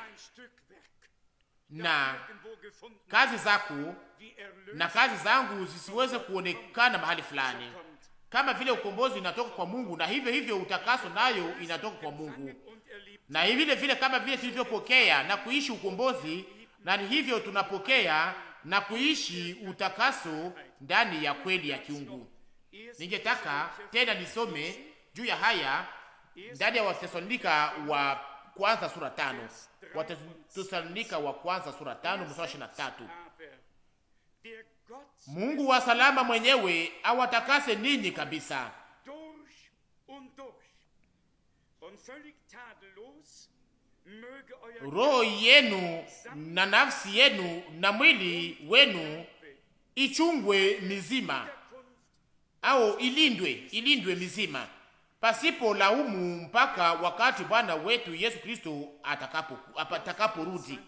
Speaker 2: na kazi zako na kazi zangu zisiweze kuonekana mahali fulani kama vile ukombozi unatoka kwa Mungu, na hivyo hivyo utakaso nayo inatoka kwa Mungu, na vile vile kama vile tulivyopokea na kuishi ukombozi, na hivyo tunapokea na kuishi utakaso ndani ya kweli ya kiungu. Ningetaka tena nisome juu ya haya ndani ya Watesalonika wa kwanza sura tano, Watesalonika wa kwanza sura tano mstari wa Mungu wa salama mwenyewe awatakase ninyi kabisa
Speaker 1: roho yenu
Speaker 2: na nafsi yenu na mwili wenu ichungwe mizima au ilindwe, ilindwe mizima pasipo laumu mpaka wakati Bwana wetu Yesu Kristo atakaporudi,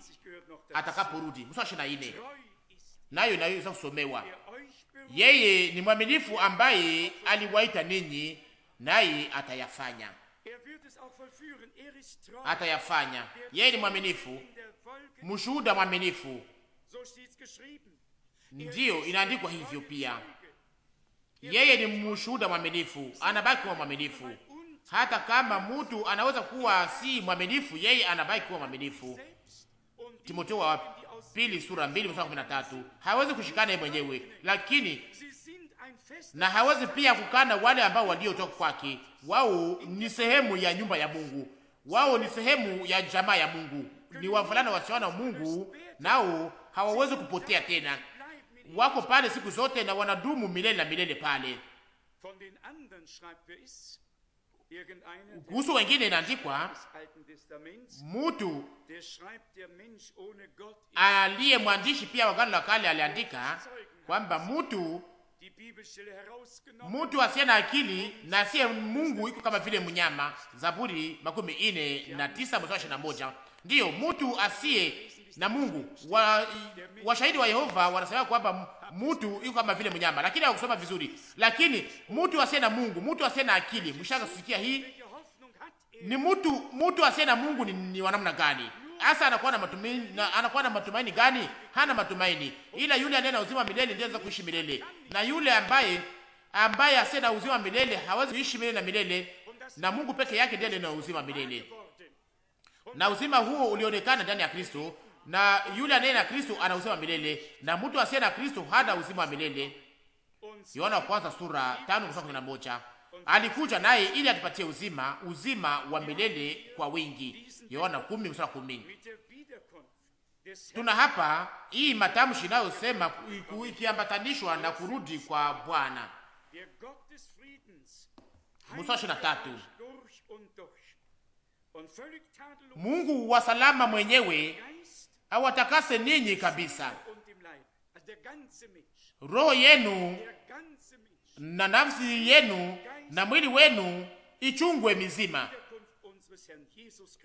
Speaker 2: atakaporudi. Mstari ishirini na nne nayo inaweza kusomewa. Yeye ni mwaminifu ambaye aliwaita ninyi, naye atayafanya, atayafanya. Yeye ni mwaminifu, mshuhuda mwaminifu. Ndiyo, inaandikwa hivyo pia. Yeye ni mshuhuda mwaminifu, anabaki kuwa mwaminifu hata kama mtu anaweza kuwa si mwaminifu, yeye anabaki kuwa mwaminifu. Timotheo wa pili sura mbili mstari wa 13. Hawezi kushikana yeye mwenyewe, lakini na hawezi pia kukana wale ambao waliotoka kwake. Wao ni sehemu ya nyumba ya Mungu, wao ni sehemu ya jamaa ya Mungu, ni wavulana wasichana wa Mungu, nao hawawezi kupotea tena, wako pale siku zote na wanadumu milele na milele pale kuhusu wengine inaandikwa, mutu aliye mwandishi pia wa Agano la Kale aliandika kwamba mutu mutu asiye na akili na asiye Mungu iko kama vile mnyama. Zaburi makumi ine na tisa mstari ishirini na moja. Ndiyo, mutu asiye na Mungu. Washahidi wa, wa Yehova wanasema kwamba mtu yuko kama vile mnyama, lakini hakusoma vizuri. Lakini mtu asiye na Mungu, mtu asiye na akili, mshaka kusikia hii ni mtu mtu asiye na Mungu ni, ni wa namna gani? Hasa anakuwa na matumaini na, anakuwa na matumaini gani? Hana matumaini, ila yule anaye na uzima milele ndiye anaweza kuishi milele, na yule ambaye ambaye asiye na uzima milele hawezi kuishi milele na milele, na Mungu peke yake ndiye anaye na uzima milele, na uzima huo ulionekana ndani ya Kristo na yule anaye na Kristo ana uzima wa milele, na mtu asiye na Kristo hana uzima wa milele. Yohana kwanza sura 5 mstari wa moja. Alikuja naye ili atupatie uzima, uzima wa milele kwa wingi. Yohana 10 mstari wa 10. Tuna hapa hii matamshi inayosema ikiambatanishwa na kurudi kwa Bwana. Mstari wa tatu. Mungu wa salama mwenyewe awatakase ninyi kabisa, roho yenu na nafsi yenu na mwili wenu ichungwe mizima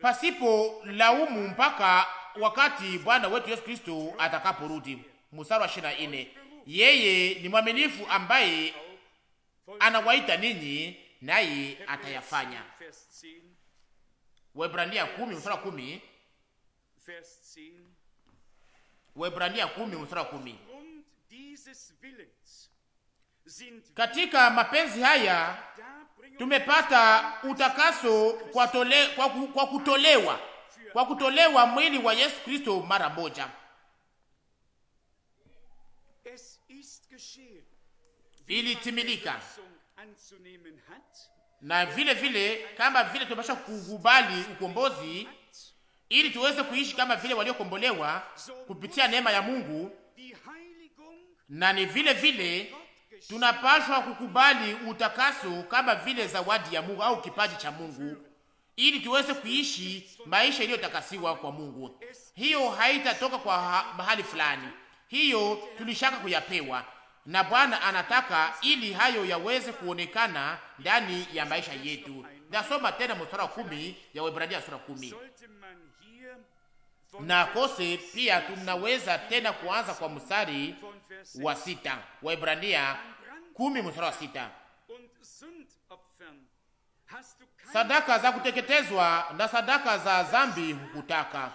Speaker 2: pasipo laumu mpaka wakati Bwana wetu Yesu Kristo atakaporudi. Mstari wa ishirini na nne. Yeye ni mwaminifu ambaye anawaita ninyi naye atayafanya. Waebrania kumi mstari wa kumi. Waebrania kumi mstari wa kumi. Katika mapenzi haya tumepata utakaso kwa, tole, kwa, kwa kutolewa kwa kutolewa mwili wa Yesu Kristo mara moja. Ilitimilika na vile vile, kama vile tumepasha kukubali ukombozi ili tuweze kuishi kama vile waliokombolewa kupitia neema ya Mungu, na ni vile vile tunapashwa kukubali utakaso kama vile zawadi ya Mungu au kipaji cha Mungu, ili tuweze kuishi maisha iliyotakasiwa kwa Mungu. Hiyo haitatoka kwa mahali fulani, hiyo tulishaka kuyapewa na Bwana anataka ili hayo yaweze kuonekana ndani ya maisha yetu. Nasoma tena mstari wa kumi ya Waebrania sura kumi na kose pia tunaweza tena kuanza kwa mstari wa sita wa Ibrania kumi mstari wa sita sadaka za kuteketezwa na sadaka za zambi hukutaka.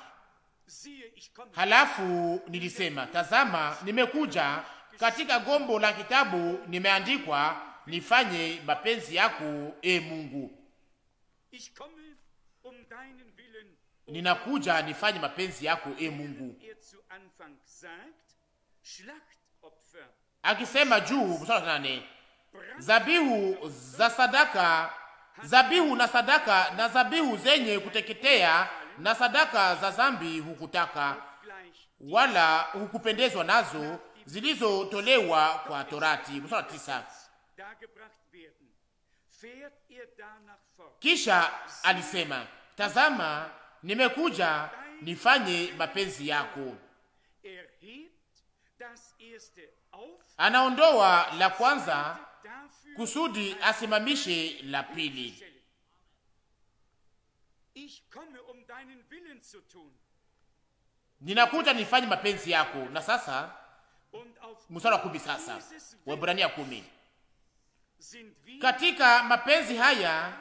Speaker 2: Halafu nilisema, tazama, nimekuja katika gombo la kitabu nimeandikwa, nifanye mapenzi yako, e Mungu ninakuja nifanye mapenzi yako e Mungu, akisema juu mstari nane, zabihu za sadaka, zabihu na sadaka na zabihu zenye kuteketea na sadaka za zambi hukutaka, wala hukupendezwa nazo zilizotolewa kwa Torati. Mstari tisa. Kisha alisema tazama nimekuja nifanye mapenzi yako. Er Anaondoa la kwanza kusudi asimamishe la pili. Um Ninakuja nifanye mapenzi yako. Na sasa mstari wa kumi sasa, Waebrania kumi, katika mapenzi haya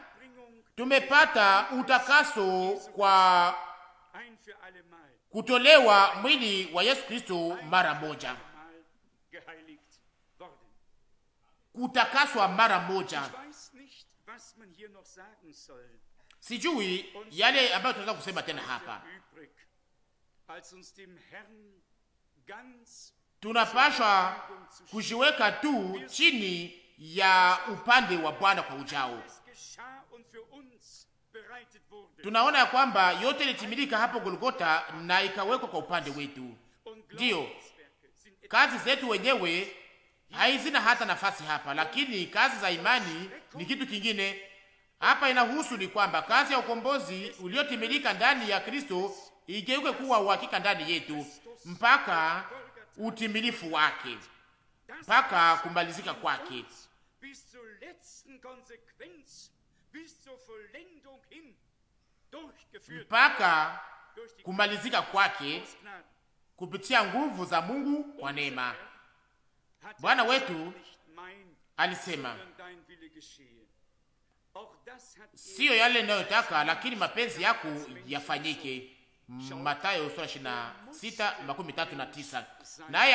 Speaker 2: tumepata utakaso kwa kutolewa mwili wa Yesu Kristo mara moja, kutakaswa mara moja. Sijui yale ambayo tunaweza kusema tena hapa. Tunapashwa kujiweka tu chini ya upande wa Bwana kwa ujao tunaona ya kwamba yote ilitimilika hapo Golgota na ikawekwa kwa upande wetu. Ndiyo, kazi zetu wenyewe haizina hata nafasi hapa, lakini kazi za imani ni kitu kingine. Hapa inahusu ni kwamba kazi ya ukombozi uliotimilika ndani ya Kristo igeuke kuwa uhakika ndani yetu mpaka utimilifu wake, mpaka kumalizika kwake mpaka kumalizika kwake kupitia nguvu za Mungu kwa neema. Bwana wetu alisema, siyo yale ninayotaka, lakini mapenzi yako yafanyike. Mathayo sura ishirini na sita makumi tatu na tisa. Naye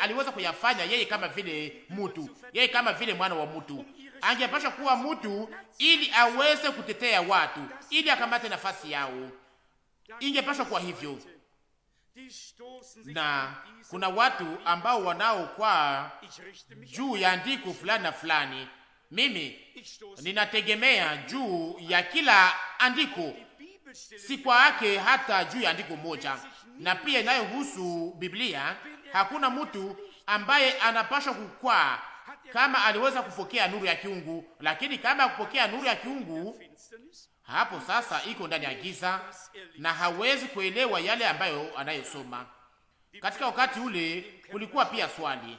Speaker 2: aliweza kuyafanya yeye kama vile mutu, yeye kama vile mwana wa mutu angepasha kuwa mtu ili aweze kutetea watu, ili akamate nafasi yao, ingepasha kuwa hivyo. Na kuna watu ambao wanaokwaa juu ya andiko fulani na fulani. Mimi ninategemea juu ya kila andiko, si yake hata juu ya andiko moja, na pia inayohusu Biblia. Hakuna mtu ambaye anapashwa kukwaa kama aliweza kupokea nuru ya kiungu, lakini kama akupokea nuru ya kiungu, hapo sasa iko ndani ya giza na hawezi kuelewa yale ambayo anayosoma. Katika wakati ule kulikuwa pia swali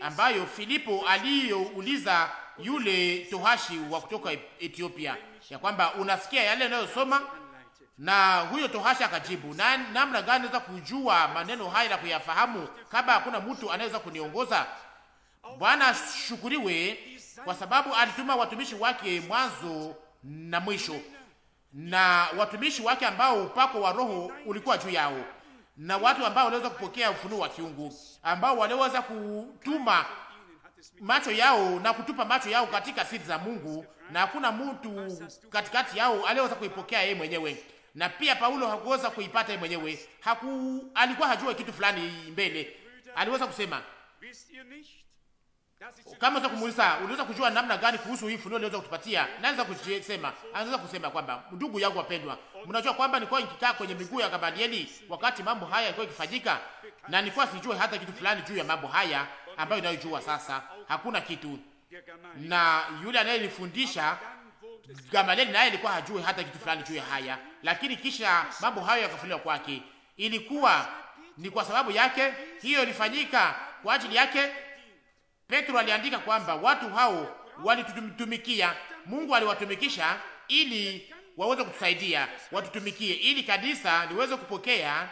Speaker 2: ambayo Filipo aliyouliza yule tohashi wa kutoka Ethiopia ya kwamba unasikia yale anayosoma na huyo tohashi akajibu, na namna gani naweza kujua maneno haya na kuyafahamu kama hakuna mtu anayeweza kuniongoza? Bwana shukuriwe kwa sababu alituma watumishi wake mwanzo na mwisho, na watumishi wake ambao upako wa Roho ulikuwa juu yao, na watu ambao waliweza kupokea ufunuo wa kiungu, ambao waliweza kutuma macho yao na kutupa macho yao katika siri za Mungu, na hakuna mtu katikati yao aliyeweza kuipokea yeye mwenyewe na pia Paulo hakuweza kuipata yeye mwenyewe. Haku alikuwa hajua kitu fulani mbele, aliweza kusema kama unaweza kumuuliza, unaweza kujua namna gani kuhusu hii funuo unaweza kutupatia? Naanza kusema, anaweza kusema kwamba ndugu yangu wapendwa, mnajua kwamba nilikuwa nikikaa kwenye miguu ya Gamalieli wakati mambo haya yalikuwa yakifanyika, na nilikuwa sijui hata kitu fulani juu ya mambo haya ambayo ninayojua sasa, hakuna kitu. Na yule anayenifundisha Gamalieli naye alikuwa hajui hata kitu fulani juu ya haya, lakini kisha mambo hayo yakafunuliwa kwake. Ilikuwa ni kwa sababu yake, hiyo ilifanyika kwa ajili yake Petro aliandika kwamba watu hao walitutumikia, Mungu aliwatumikisha ili waweze kutusaidia, watutumikie ili kanisa liweze kupokea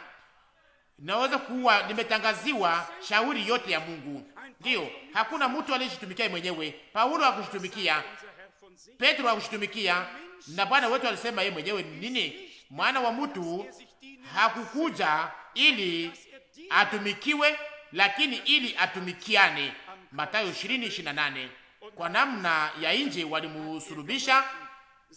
Speaker 2: naweza kuwa nimetangaziwa shauri yote ya Mungu. Ndiyo, hakuna mtu aliyejitumikia mwenyewe. Paulo hakujitumikia, Petro hakujitumikia, na Bwana wetu alisema yeye mwenyewe nini? Mwana wa mtu hakukuja ili atumikiwe, lakini ili atumikiane. Mathayo 20:28. Kwa namna ya nje walimusulubisha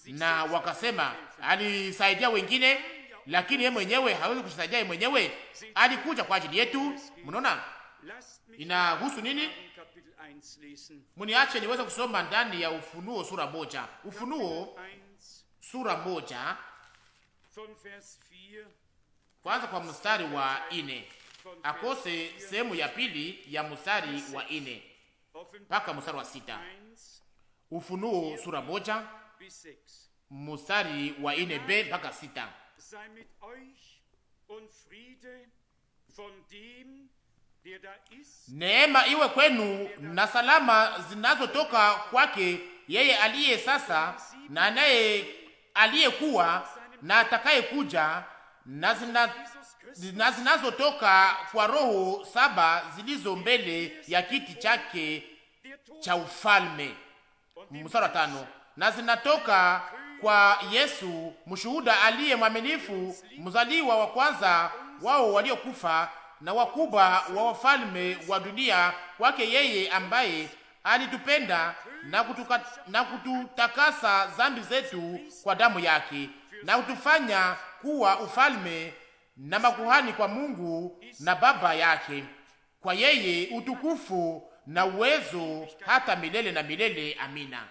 Speaker 2: na wakasema alisaidia wengine, lakini yeye mwenyewe hawezi kusaidia yeye mwenyewe, alikuja kwa ajili yetu. Mnaona
Speaker 1: inahusu nini?
Speaker 2: Mniache niweze kusoma ndani ya Ufunuo sura moja, Ufunuo sura moja kwanza kwa mstari wa ine akose sehemu ya pili ya mstari wa ine mpaka mstari wa sita Ufunuo sura moja mstari wa ine b mpaka sita Neema iwe kwenu na salama zinazotoka kwake yeye aliye sasa na naye aliyekuwa na atakayekuja kuja na zinazotoka kwa roho saba zilizo mbele ya kiti chake cha ufalme. Mstari wa tano, na zinatoka kwa Yesu mshuhuda aliye mwaminifu, mzaliwa wa kwanza wao waliokufa na wakubwa wa wafalme wa dunia. Kwake yeye ambaye alitupenda na, kutuka, na kututakasa dhambi zetu kwa damu yake na kutufanya kuwa ufalme na makuhani kwa Mungu na Baba yake. Kwa yeye utukufu na uwezo hata milele na milele. Amina.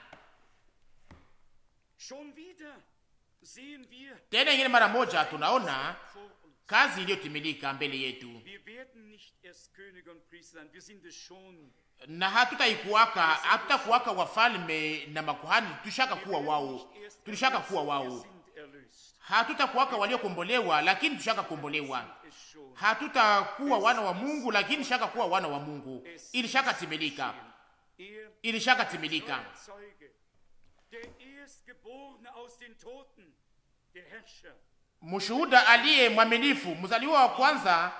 Speaker 1: Tena ingine mara moja
Speaker 2: tunaona kazi iliyotimilika mbele yetu, na hatutaikuwaka hatutakuwaka wafalme na makuhani, tulishaka kuwa wao, tulishaka kuwa wao hatutakuwaka waliokombolewa, lakini tushaka kombolewa. Hatutakuwa wana wa Mungu, lakini shaka kuwa wana wa Mungu. Ilishaka timilika, ilishaka timilika. Mshuhuda aliye mwaminifu, mzaliwa wa kwanza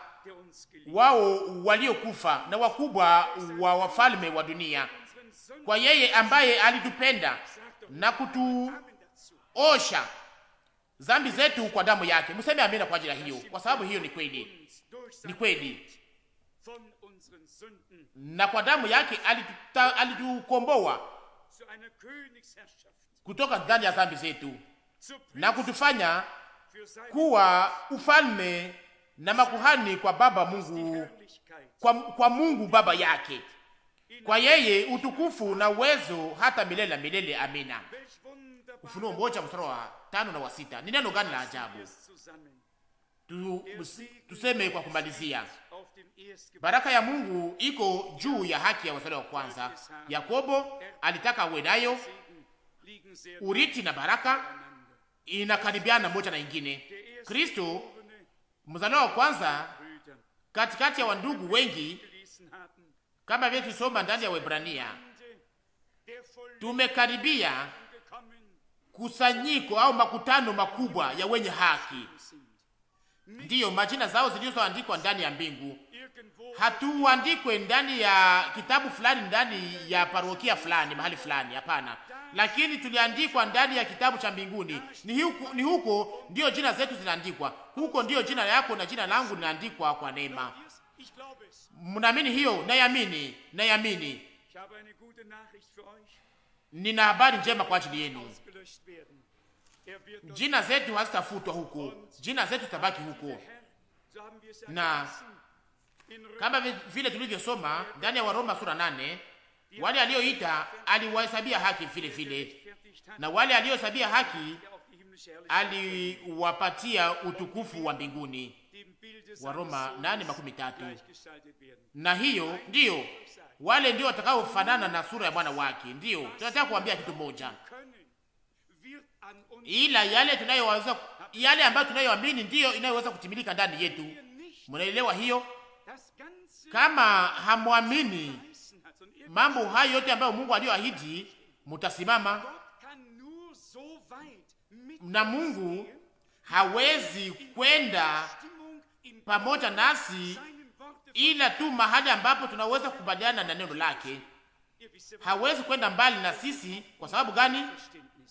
Speaker 2: wao waliokufa na wakubwa wa wafalme wa dunia, kwa yeye ambaye alitupenda na kutuosha dhambi zetu kwa damu yake. Mseme amina kwa ajili ya hiyo, kwa sababu hiyo ni kweli, ni kweli. Na kwa damu yake alitukomboa kutoka ndani ya dhambi zetu na kutufanya kuwa ufalme na makuhani kwa Baba Mungu, kwa, kwa Mungu Baba yake. Kwa yeye utukufu na uwezo hata milele na milele. Amina. Ufunuo moja mstari wa tano na wa sita. Ni neno gani la ajabu! Tu, tuseme kwa kumalizia, baraka ya Mungu iko juu ya haki ya wazaliwa wa kwanza. Yakobo alitaka uwe nayo urithi na baraka inakaribiana moja na ingine. Kristo mzaliwa wa kwanza katikati ya wandugu wengi, kama vile tusoma ndani ya Waebrania, tumekaribia kusanyiko au makutano makubwa ya wenye haki, ndiyo majina zao zilizoandikwa ndani ya mbingu. Hatuandikwe ndani ya kitabu fulani, ndani ya parokia fulani, mahali fulani, hapana, lakini tuliandikwa ndani ya kitabu cha mbinguni. Ni huko, ni huko ndiyo jina zetu zinaandikwa, huko ndiyo jina yako na jina langu linaandikwa kwa neema. Mnaamini hiyo? Nayamini, nayamini. Nina habari njema kwa ajili yenu. Jina zetu hazitafutwa huko, jina zetu zitabaki huko, na kama vile tulivyosoma ndani ya Waroma sura nane, wale aliyoita aliwahesabia haki vile vile, na wale aliyohesabia haki aliwapatia utukufu wa mbinguni. Roma nane makumi tatu. Na hiyo ndiyo wale ndio watakaofanana na sura ya Bwana wake. Ndiyo tunataka kuambia kitu moja ila yale tunayoweza yale ambayo tunayoamini ndiyo inayoweza kutimilika ndani yetu. Mnaelewa hiyo? Kama hamwamini mambo hayo yote ambayo Mungu aliyoahidi, mutasimama na Mungu hawezi kwenda pamoja nasi ila tu mahali ambapo tunaweza kukubaliana na neno lake. Hawezi kwenda mbali na sisi. Kwa sababu gani?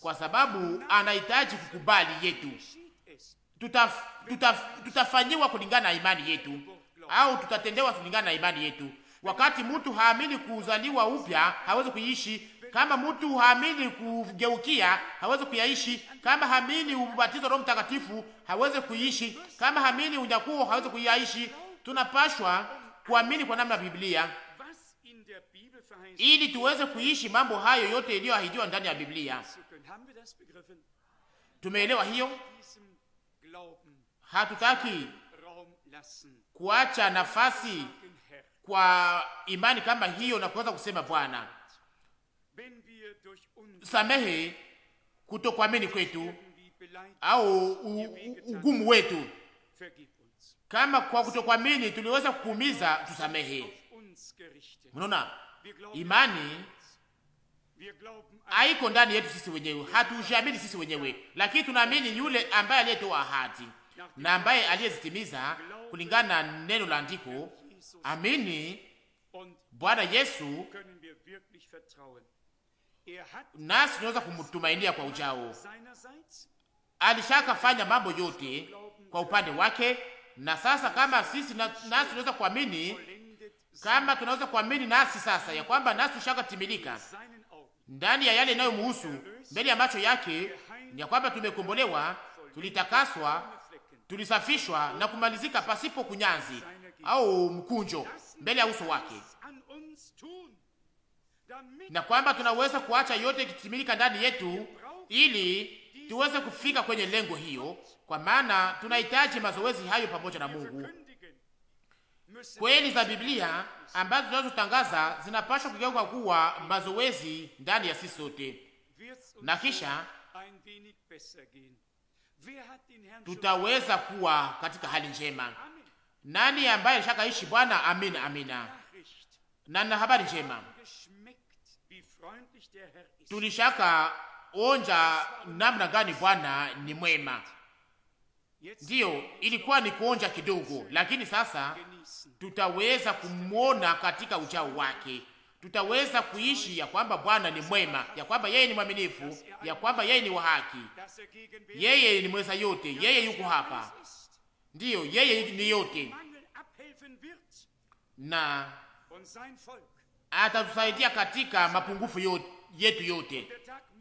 Speaker 2: kwa sababu anahitaji kukubali yetu. Tutaf, tutaf, tutafanyiwa kulingana na imani yetu au tutatendewa kulingana na imani yetu. Wakati mtu haamini kuzaliwa upya hawezi kuishi. Kama mtu haamini kugeukia hawezi kuyaishi. Kama haamini ubatizo Roho Mtakatifu hawezi kuishi. Kama haamini unyakuo hawezi kuyaishi. Tunapashwa kuamini kwa namna ya Biblia ili tuweze kuishi mambo hayo yote yaliyoahidiwa ndani ya Biblia
Speaker 1: Tumeelewa hiyo,
Speaker 2: hatutaki
Speaker 1: kuacha nafasi
Speaker 2: kwa imani kama hiyo na kuweza kusema Bwana samehe kutokuamini kwetu au ugumu wetu. Kama kwa kutokuamini tuliweza kukuumiza, tusamehe. Mnaona
Speaker 1: imani
Speaker 2: haiko ndani yetu sisi wenyewe, hatujiamini sisi wenyewe, lakini tunaamini yule ambaye aliyetoa ahadi na ambaye aliyezitimiza kulingana na neno la andiko. Amini
Speaker 1: Bwana Yesu,
Speaker 2: nasi tunaweza kumtumainia kwa ujao. Alishaka fanya mambo yote kwa upande wake, na sasa kama sisi na, nasi tunaweza kuamini, kama tunaweza kuamini nasi sasa ya kwamba nasi tushaka timilika ndani ya yale inayomuhusu, mbele ya macho yake, ni ya kwamba tumekombolewa, tulitakaswa, tulisafishwa na kumalizika pasipo kunyanzi au mkunjo mbele ya uso wake, na kwamba tunaweza kuacha yote ikitimilika ndani yetu ili tuweze kufika kwenye lengo hiyo, kwa maana tunahitaji mazoezi hayo pamoja na Mungu. Kweli za Biblia ambazo tunazotangaza zinapaswa kugeuka kuwa mazoezi ndani ya sisi sote,
Speaker 1: na kisha
Speaker 2: tutaweza kuwa katika hali njema. Nani ambaye alishakaishi Bwana? Amina, amina. Na na habari njema tulishaka onja namna gani Bwana ni mwema. Ndiyo, ilikuwa ni kuonja kidogo, lakini sasa tutaweza kumwona katika uchao wake, tutaweza kuishi ya kwamba Bwana ni mwema, ya kwamba yeye ni mwaminifu, ya kwamba yeye ni wa haki, yeye ni mweza yote, yeye yuko hapa, ndiyo yeye ni yote, na atatusaidia katika mapungufu yote, yetu yote,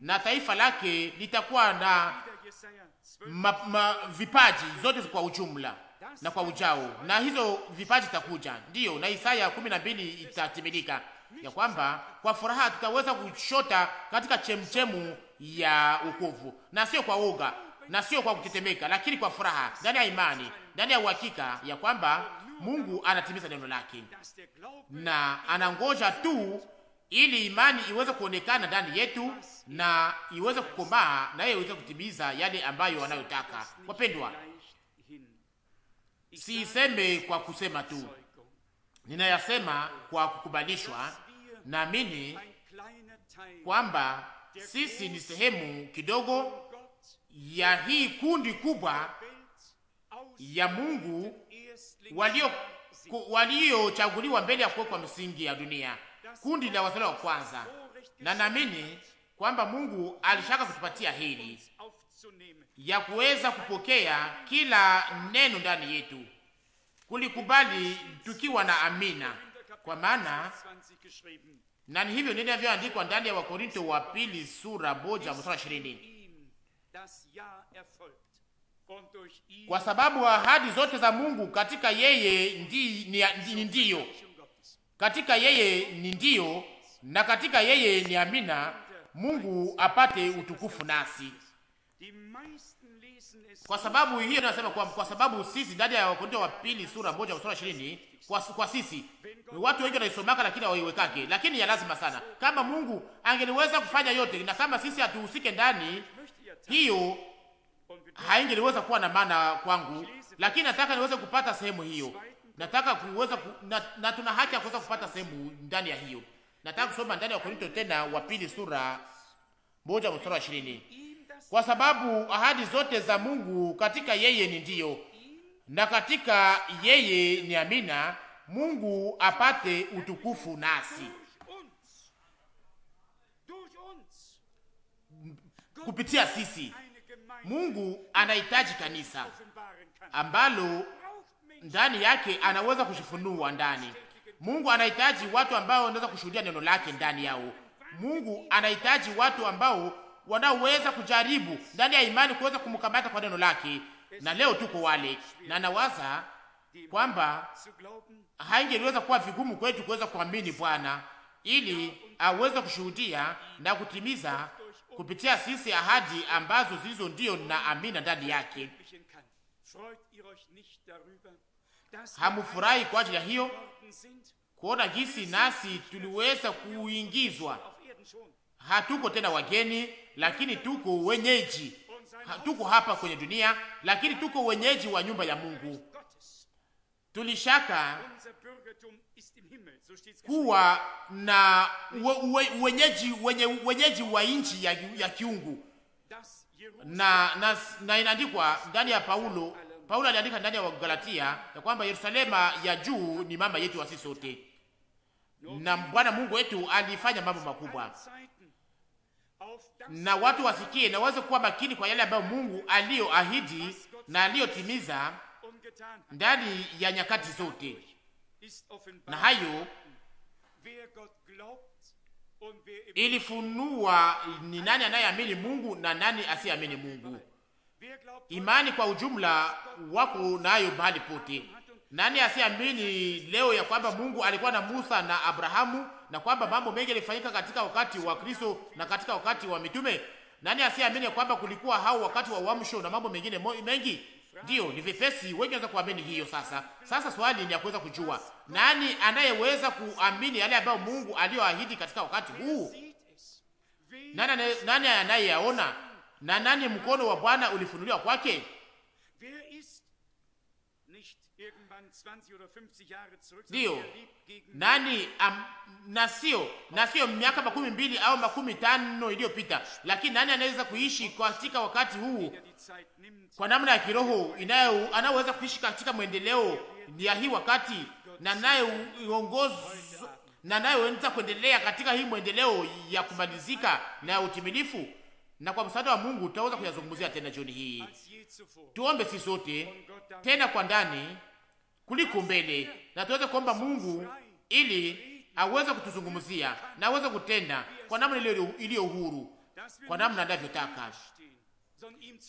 Speaker 2: na taifa lake litakuwa na ma, ma, vipaji zote kwa ujumla na kwa ujao, na hizo vipaji zitakuja, ndiyo. Na Isaya kumi na mbili itatimilika ya kwamba kwa furaha tutaweza kushota katika chemchemu ya ukovu, na sio kwa woga, na sio kwa kutetemeka, lakini kwa furaha ndani ya imani, ndani ya uhakika ya kwamba Mungu anatimiza neno lake, na anangoja tu ili imani iweze kuonekana ndani yetu na iweze kukomaa, naye iweze kutimiza yale ambayo anayotaka. Wapendwa, siiseme kwa kusema tu, ninayasema kwa kukubalishwa. Naamini kwamba sisi ni sehemu kidogo ya hii kundi kubwa ya Mungu walio waliochaguliwa mbele ya kuwekwa msingi ya dunia, kundi la wazalo wa kwanza, na naamini kwamba Mungu alishaka kutupatia hili ya kuweza kupokea kila neno ndani yetu, kulikubali tukiwa na amina, kwa maana na ni hivyo ndio inavyoandikwa ndani ya Wakorinto wa pili sura moja mstari ishirini kwa sababu ahadi zote za Mungu katika yeye ndi, ni, ni ndiyo, katika yeye ni ndiyo, na katika yeye ni amina, Mungu apate utukufu nasi. Kwa sababu hiyo nasema kwa, kwa sababu sisi ndani ya Wakorintho wa pili sura moja sura ishirini kwa, kwa sisi watu wengi wanaisomaka lakini hawaiwekake, lakini ya lazima sana. Kama Mungu angeliweza kufanya yote na kama sisi hatuhusike ndani hiyo, haingeliweza kuwa na maana kwangu, lakini nataka niweze kupata sehemu hiyo, nataka kuweza ku, na, na tuna haki ya kuweza kupata sehemu ndani ya hiyo. Nataka kusoma ndani ya Wakorintho tena wa pili sura moja mstari wa ishirini kwa sababu ahadi zote za Mungu katika yeye ni ndiyo, na katika yeye ni amina. Mungu apate utukufu nasi kupitia sisi. Mungu anahitaji kanisa ambalo ndani yake anaweza kushifunua ndani. Mungu anahitaji watu ambao wanaweza kushuhudia neno lake ndani yao. Mungu anahitaji watu ambao wanaoweza kujaribu ndani ya imani kuweza kumkamata kwa neno lake, na leo tuko wale, na nawaza kwamba haingeliweza kuwa vigumu kwetu kuweza kuamini Bwana ili aweze kushuhudia na kutimiza kupitia sisi ahadi ambazo zilizo ndio na amina ndani yake.
Speaker 1: Hamufurahi kwa ajili ya hiyo
Speaker 2: kuona jinsi nasi tuliweza kuingizwa hatuko tena wageni, lakini tuko wenyeji. Tuko hapa kwenye dunia, lakini tuko wenyeji wa nyumba ya Mungu. Tulishaka kuwa na we, we, wenyeji, wenye, wenyeji wa nchi ya, ya kiungu na, na, na inaandikwa ndani ya Paulo. Paulo aliandika ndani ya galatia ya kwamba Yerusalema ya juu ni mama yetu wa sisi sote, na Bwana Mungu wetu alifanya mambo makubwa na watu wasikie na waweze kuwa makini kwa yale ambayo Mungu aliyoahidi na aliyotimiza ndani ya nyakati zote, na hayo ilifunua ni nani anayeamini Mungu na nani asiamini Mungu. Imani kwa ujumla wako nayo mahali pote. Nani asiamini leo ya kwamba Mungu alikuwa na Musa na Abrahamu na kwamba mambo mengi yalifanyika katika wakati wa Kristo na katika wakati wa mitume. Nani asiamini kwamba kulikuwa hao wakati wa uamsho na mambo mengine mengi? Ndiyo, ni vipesi wengi wanaweza kuamini hiyo. Sasa sasa swali ni ya kuweza kujua nani anayeweza kuamini yale ambayo Mungu aliyoahidi katika wakati huu. Nani nani anayeyaona na nani mkono wa Bwana ulifunuliwa kwake? Ndiyo, nani am, na sio na sio miaka makumi mbili au makumi tano iliyopita, lakini nani anaweza kuishi katika wakati huu kwa namna ya kiroho inayo anaweza kuishi katika mwendeleo ya hii wakati na naye uongozo na naye weza kuendelea katika hii mwendeleo ya kumalizika na ya utimilifu, na kwa msaada wa Mungu tutaweza kuyazungumzia tena jioni hii. Tuombe sisi sote tena kwa ndani kuliko mbele, na tuweze kuomba Mungu ili aweze kutuzungumzia na aweze kutenda kwa namna iliyo huru kwa namna anavyotaka,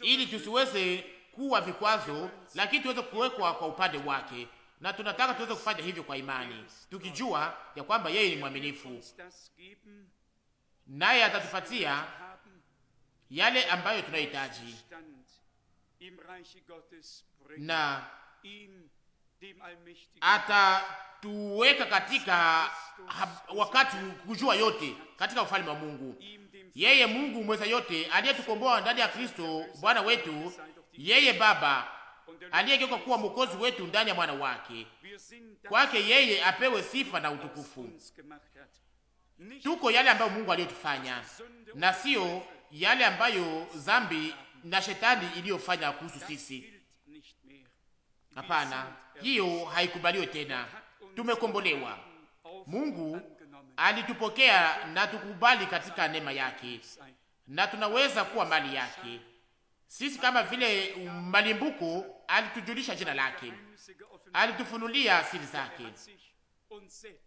Speaker 2: ili tusiweze kuwa vikwazo, lakini tuweze kuwekwa kwa upande wake. Na tunataka tuweze kufanya hivyo kwa imani, tukijua ya kwamba yeye ni mwaminifu, naye atatupatia yale ambayo tunahitaji na atatuweka katika wakati kujua yote katika ufalme wa Mungu. Yeye Mungu mweza yote aliyetukomboa ndani ya Kristo Bwana wetu, yeye Baba aliyegeuka kuwa mwokozi wetu ndani ya mwana wake. Kwake yeye apewe sifa na utukufu. Tuko yale ambayo Mungu aliyotufanya na sio yale ambayo zambi na shetani iliyofanya kuhusu sisi. Hapana, hiyo haikubaliwe tena. Tumekombolewa, Mungu alitupokea na tukubali katika neema yake, na tunaweza kuwa mali yake sisi kama vile malimbuko. Alitujulisha jina lake, alitufunulia siri zake,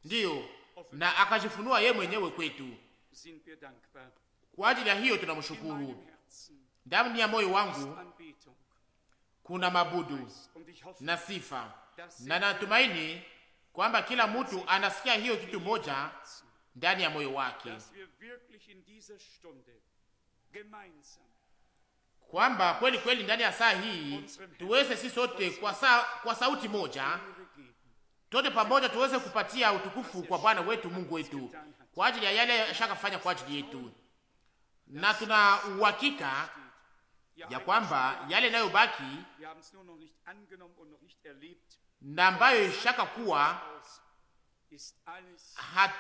Speaker 2: ndiyo, na akajifunua yeye mwenyewe kwetu. Kwa ajili ya hiyo tunamshukuru. Ndani ya moyo wangu kuna mabudu na sifa, na natumaini kwamba kila mtu anasikia hiyo kitu moja ndani ya moyo wake, kwamba kweli kweli ndani ya saa hii tuweze sisi sote kwa, sa, kwa sauti moja tote pamoja tuweze kupatia utukufu er kwa Bwana wetu Mungu wetu kwa ajili ya yale ashakafanya kwa ajili yetu, na er tuna uhakika ya kwamba yale yanayobaki na ambayo ishaka kuwa hat,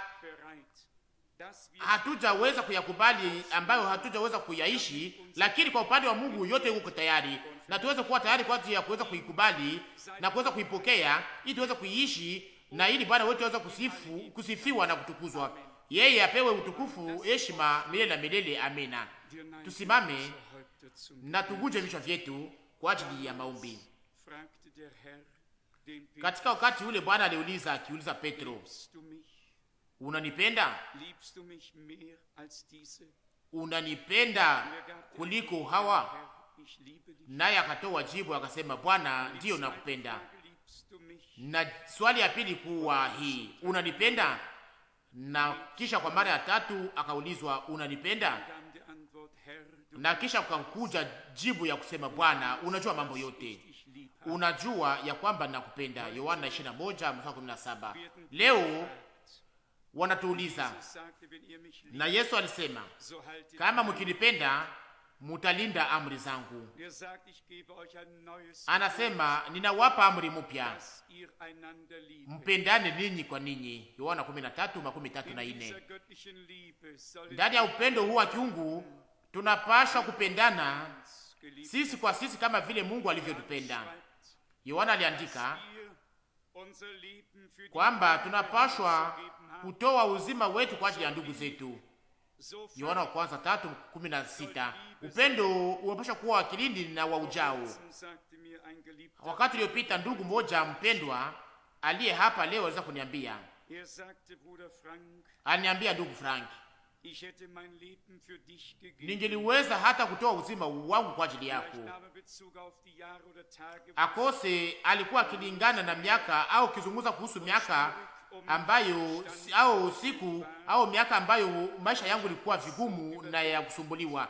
Speaker 2: hatujaweza kuyakubali, ambayo hatujaweza kuyaishi, lakini kwa upande wa Mungu yote yuko tayari, na tuweze kuwa tayari kwa ajili ya kuweza kuikubali na kuweza kuipokea ili tuweze kuiishi na ili Bwana wetu aweze kusifu, kusifiwa na kutukuzwa. Yeye apewe utukufu, heshima milele na milele. Amina tusimame na tuguje vichwa vyetu kwa ajili ya maombi. Katika wakati ule Bwana aliuliza akiuliza Petro, unanipenda? Unanipenda kuliko hawa? Naye akatoa jibu akasema, Bwana, ndiyo nakupenda. Na swali ya pili kuwa hii, unanipenda? Na kisha kwa mara ya tatu akaulizwa, unanipenda? na kisha ukakuja jibu ya kusema Bwana, unajua mambo yote, unajua ya kwamba nakupenda. Yohana 21:17. Leo wanatuuliza na Yesu alisema, kama mkinipenda mutalinda amri zangu. Anasema, ninawapa amri mpya,
Speaker 1: mpendane
Speaker 2: ninyi kwa ninyi. Yohana 13:34. Ndani ya upendo huu wa kiungu tunapasha kupendana sisi kwa sisi kama vile Mungu alivyotupenda. Yohana aliandika
Speaker 1: kwamba tunapashwa
Speaker 2: kutoa uzima wetu kwa ajili ya ndugu zetu. Yohana wa kwanza tatu kumi na sita. Upendo unapasha kuwa wa kilindi na wa ujao. Wakati uliopita ndugu mmoja mpendwa aliye hapa leo aliweza kuniambia,
Speaker 1: aliniambia ndugu
Speaker 2: Frank ningeliweza hata kutoa uzima wangu kwa ajili yako. Akose alikuwa akilingana na miaka au kizunguza kuhusu miaka um ambayo au siku au miaka ambayo maisha yangu ilikuwa vigumu na ya kusumbuliwa,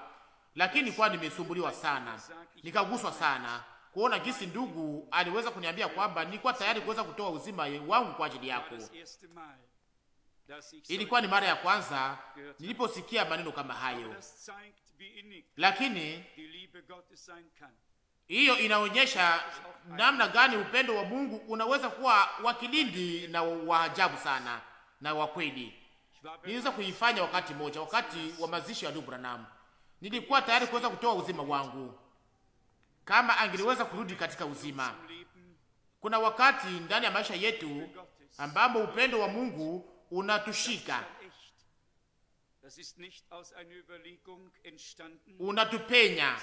Speaker 2: lakini kwa nimesumbuliwa sana, nikaguswa sana kuona jinsi ndugu aliweza kuniambia kwamba nilikuwa tayari kuweza kutoa uzima wangu kwa ajili yako.
Speaker 1: Ilikuwa ni mara ya
Speaker 2: kwanza niliposikia maneno kama hayo,
Speaker 1: lakini
Speaker 2: hiyo inaonyesha namna gani upendo wa Mungu unaweza kuwa wa kilindi na wa ajabu sana na wa kweli. Niliweza kuifanya wakati mmoja, wakati wa mazishi ya ndugu Branham. Nilikuwa tayari kuweza kutoa uzima wangu kama angeliweza kurudi katika uzima. Kuna wakati ndani ya maisha yetu ambapo upendo wa Mungu unatushika,
Speaker 1: unatupenya,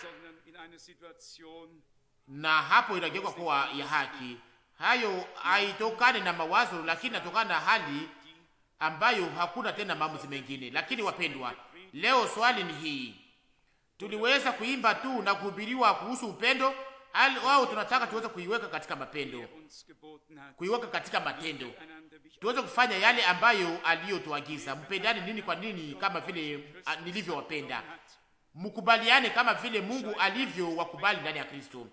Speaker 2: na hapo inageuka kuwa ya haki. Hayo haitokane na mawazo, lakini natokana na hali ambayo hakuna tena maamuzi mengine. Lakini wapendwa, leo swali ni hii: tuliweza kuimba tu na kuhubiriwa kuhusu upendo au tunataka tuweze kuiweka katika mapendo, kuiweka katika matendo? tuweze kufanya yale ambayo aliyotuagiza. Mpendane nini kwa nini, kama vile ah, nilivyowapenda. Mkubaliane kama vile Mungu alivyo wakubali ndani ya Kristo.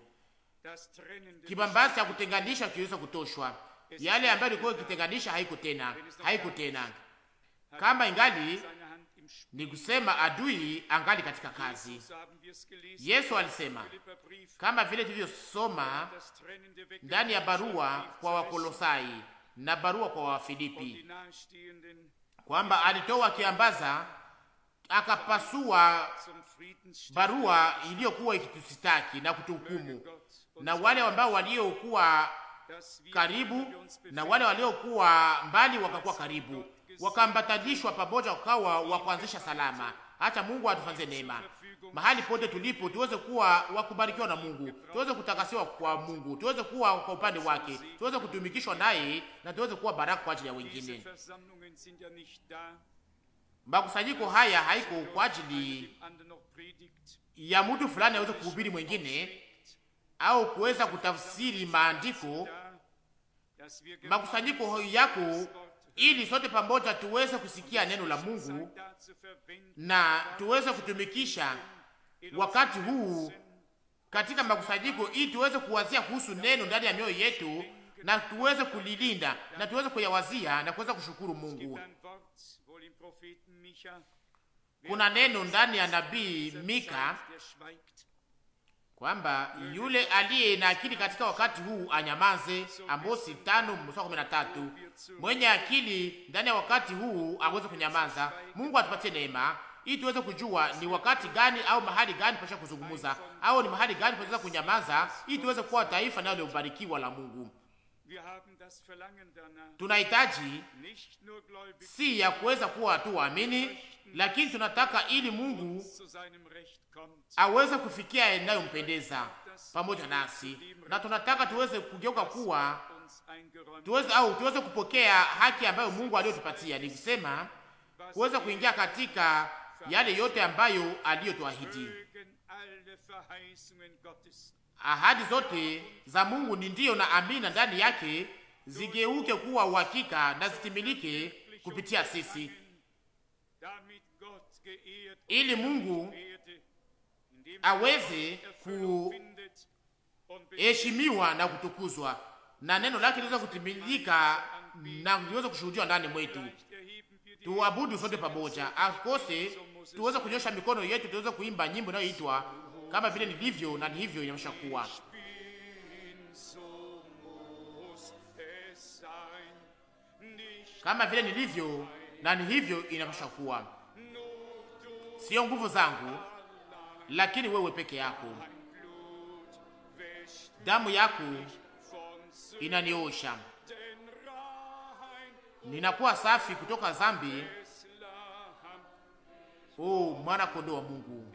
Speaker 2: Kibambazi cha kutenganisha kiweza kutoshwa. Yale ambayo ilikuwa ikitenganisha haiko tena, haiko tena. Kama ingali ni kusema adui angali katika kazi. Yesu alisema kama vile tulivyosoma ndani ya barua kwa Wakolosai na barua kwa Wafilipi kwamba alitoa kiambaza akapasua barua iliyokuwa ikitusitaki na kutuhukumu, na wale ambao waliokuwa karibu na wale waliokuwa mbali wakakuwa karibu, wakaambatanishwa pamoja, wakawa wa kuanzisha salama. Hata Mungu atufanze neema mahali pote tulipo, tuweze kuwa wakubarikiwa na Mungu, tuweze kutakasiwa kwa Mungu, tuweze kuwa kwa upande wake, tuweze kutumikishwa naye na tuweze kuwa baraka kwa ajili ya wengine. Makusanyiko haya haiko kwa ajili ya mtu fulani aweze kuhubiri mwengine au kuweza kutafsiri maandiko. Makusanyiko yako ili sote pamoja tuweze kusikia neno la Mungu na tuweze kutumikisha wakati huu katika makusanyiko, ili tuweze kuwazia kuhusu neno ndani ya mioyo yetu na tuweze kulilinda na tuweze kuyawazia na kuweza kushukuru Mungu. Kuna neno ndani ya nabii Mika kwamba yule aliye na akili katika wakati huu anyamaze. Amosi tano mstari kumi na tatu. Mwenye akili ndani ya wakati huu aweze kunyamaza. Mungu atupatie neema ili tuweze kujua ni wakati gani au mahali gani pasha kuzungumza au ni mahali gani paweza kunyamaza, ili tuweze kuwa taifa nayo liobarikiwa la Mungu.
Speaker 1: Tunahitaji
Speaker 2: si ya kuweza kuwa tu waamini, lakini tunataka ili Mungu aweze kufikia inayompendeza pamoja nasi, na tunataka tuweze kugeuka kuwa tuweze au tuweze kupokea haki ambayo Mungu aliyotupatia, ni kusema kuweza kuingia katika yale yote ambayo aliyotuahidi. Ahadi zote za Mungu ni ndiyo na amina ndani yake, zigeuke kuwa uhakika na zitimilike kupitia sisi, ili Mungu aweze kuheshimiwa na kutukuzwa na neno lake liweze kutimilika na liweze kushuhudiwa ndani mwetu. Tuabudu sote pamoja, akose tuweze kunyosha mikono yetu, tuweze kuimba nyimbo inayoitwa kama vile nilivyo na hivyo inaonyesha kuwa kama vile nilivyo na ni hivyo inapasha kuwa, sio nguvu zangu lakini wewe peke yako. Damu yako inaniosha, ninakuwa safi kutoka zambi. O mwana kondoo wa Mungu,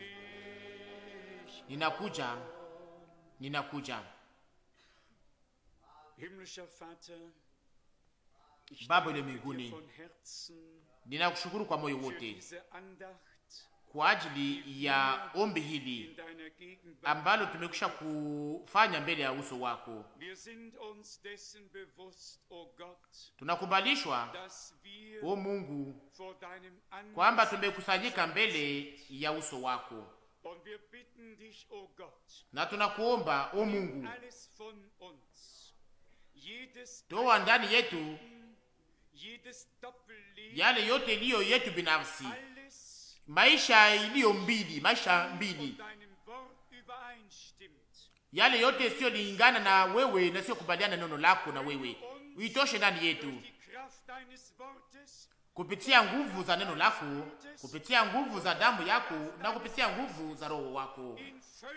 Speaker 2: ninakuja, ninakuja. Baba ile mbinguni, ninakushukuru kwa moyo wote kwa ajili ya ombi hili ambalo tumekwisha kufanya mbele ya uso wako. Tunakubalishwa o Mungu kwamba tumekusanyika mbele ya uso wako, na tunakuomba o Mungu, toa ndani yetu yale yote iliyo yetu binafsi maisha iliyo mbili, maisha mbili, yale yote lingana na wewe na sio kubaliana neno lako na wewe, uitoshe ndani yetu kupitia nguvu za neno lako, kupitia nguvu za damu yako na kupitia nguvu za roho wako,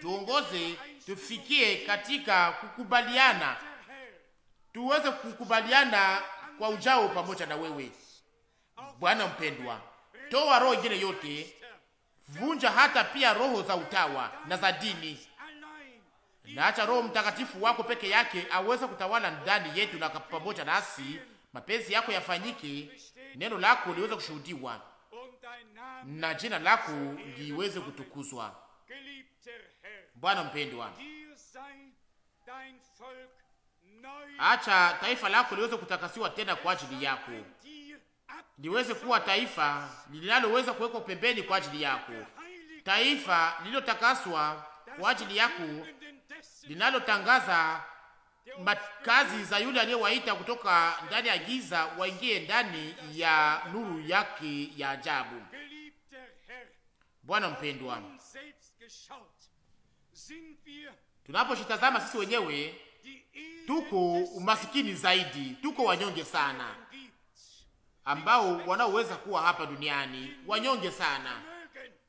Speaker 2: tuongoze tufikie katika kukubaliana, tuweze kukubaliana kwa ujao pamoja na wewe Bwana mpendwa, toa roho ingine yote, vunja hata pia roho za utawa na za dini, na acha Roho Mtakatifu wako peke yake aweze kutawala ndani yetu na pamoja nasi. Mapenzi yako yafanyike, neno lako liweze kushuhudiwa na jina lako liweze kutukuzwa. Bwana mpendwa, acha taifa lako liweze kutakasiwa tena kwa ajili yako liweze kuwa taifa linaloweza kuwekwa pembeni kwa ajili yako, taifa lililotakaswa kwa ajili yako, linalotangaza makazi za yule aliyewaita kutoka ndani ya giza waingie ndani ya nuru yake ya ajabu. Bwana mpendwa, tunaposhitazama sisi wenyewe, tuko umasikini zaidi, tuko wanyonge sana ambao wanaoweza kuwa hapa duniani wanyonge sana,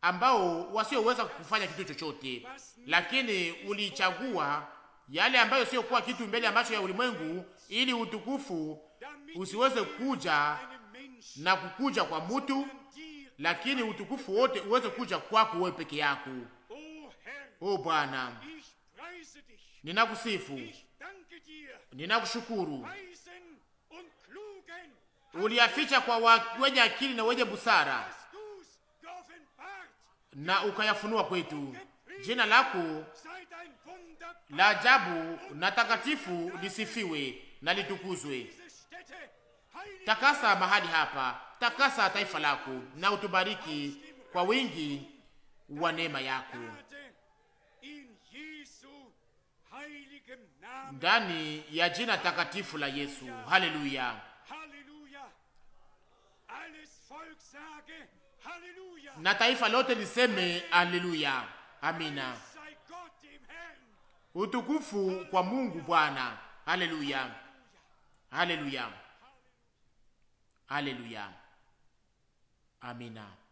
Speaker 2: ambao wasioweza kufanya kitu chochote, lakini ulichagua yale ambayo sio kuwa kitu mbele ya macho ya ulimwengu, ili utukufu usiweze kuja na kukuja kwa mtu, lakini utukufu wote uweze kuja kwako wewe peke yako. O Bwana, ninakusifu, ninakushukuru uliyaficha kwa wenye akili na wenye busara na ukayafunua kwetu. Jina lako la ajabu na takatifu lisifiwe na litukuzwe. Takasa mahali hapa, takasa taifa lako, na utubariki kwa wingi wa neema yako ndani ya jina takatifu la Yesu. Haleluya na taifa lote liseme haleluya, amina. Utukufu kwa Mungu Bwana, haleluya, haleluya, haleluya, amina.